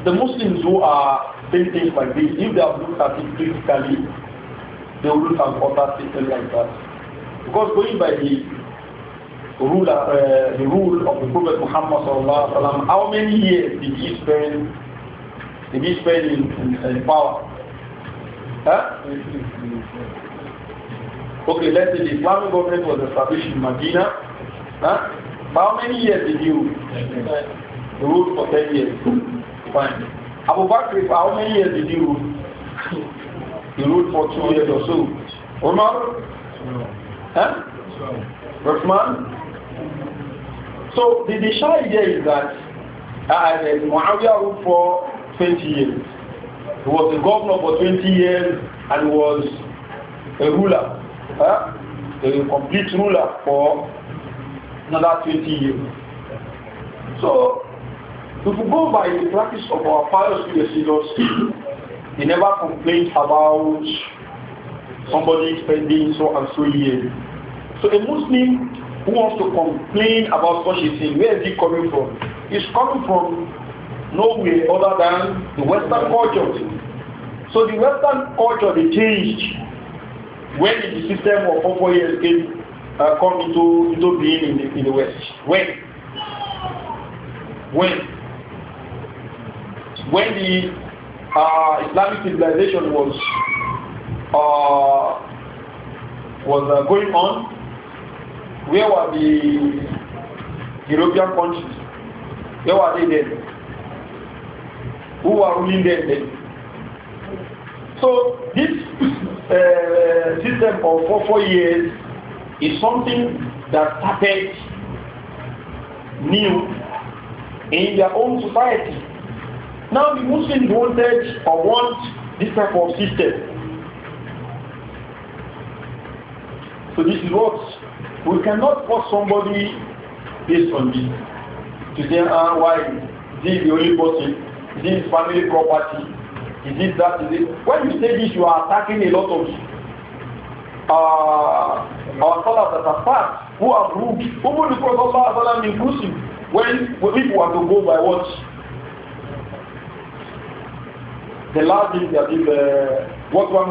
The Muslims who are saying things like this, if they have looked at it critically, they will look at other statements like that. Because going by the rule, uh, the rule of the Prophet Muhammad sallallahu alaihi wasallam, how many years did he spend? Did he spend in, in, in power? Huh? Okay, let's see. the Islamic government was established in Medina. Huh? How many years did you rule for 10 years? Fine. Abu Bakr, how many years did you rule? you ruled for two years or so. Umar? Huh? Rahman? So the, the shy idea is that uh, uh Muawiyah ruled for 20 years. He was a governor for 20 years and was a ruler, huh? a complete ruler for another 20 years. So, if we go by the practice of our father's predecessors, he never complained about somebody spending so and so years. So a Muslim who wants to complain about such a thing, where is he coming from? He's coming from nowhere other than the Western culture. So the Western culture they changed when the system of four four years came uh, come into into being in the, in the West. When when when the uh, Islamic civilization was uh, was uh, going on, where were the European countries? Where were they then? who are ruling them then. So this uh, system of four, four years is something that started new in their own society. Now the Muslims wanted or want this type of system. So this is what we cannot force somebody based on this to say, ah, why this is the only possible. Is family property? Is it that? Is it? When you say this, you are attacking a lot of uh, our scholars that are fast, who have ruled, even the Prophet Allah inclusive, when people are to go by what? The last thing that is, uh, what one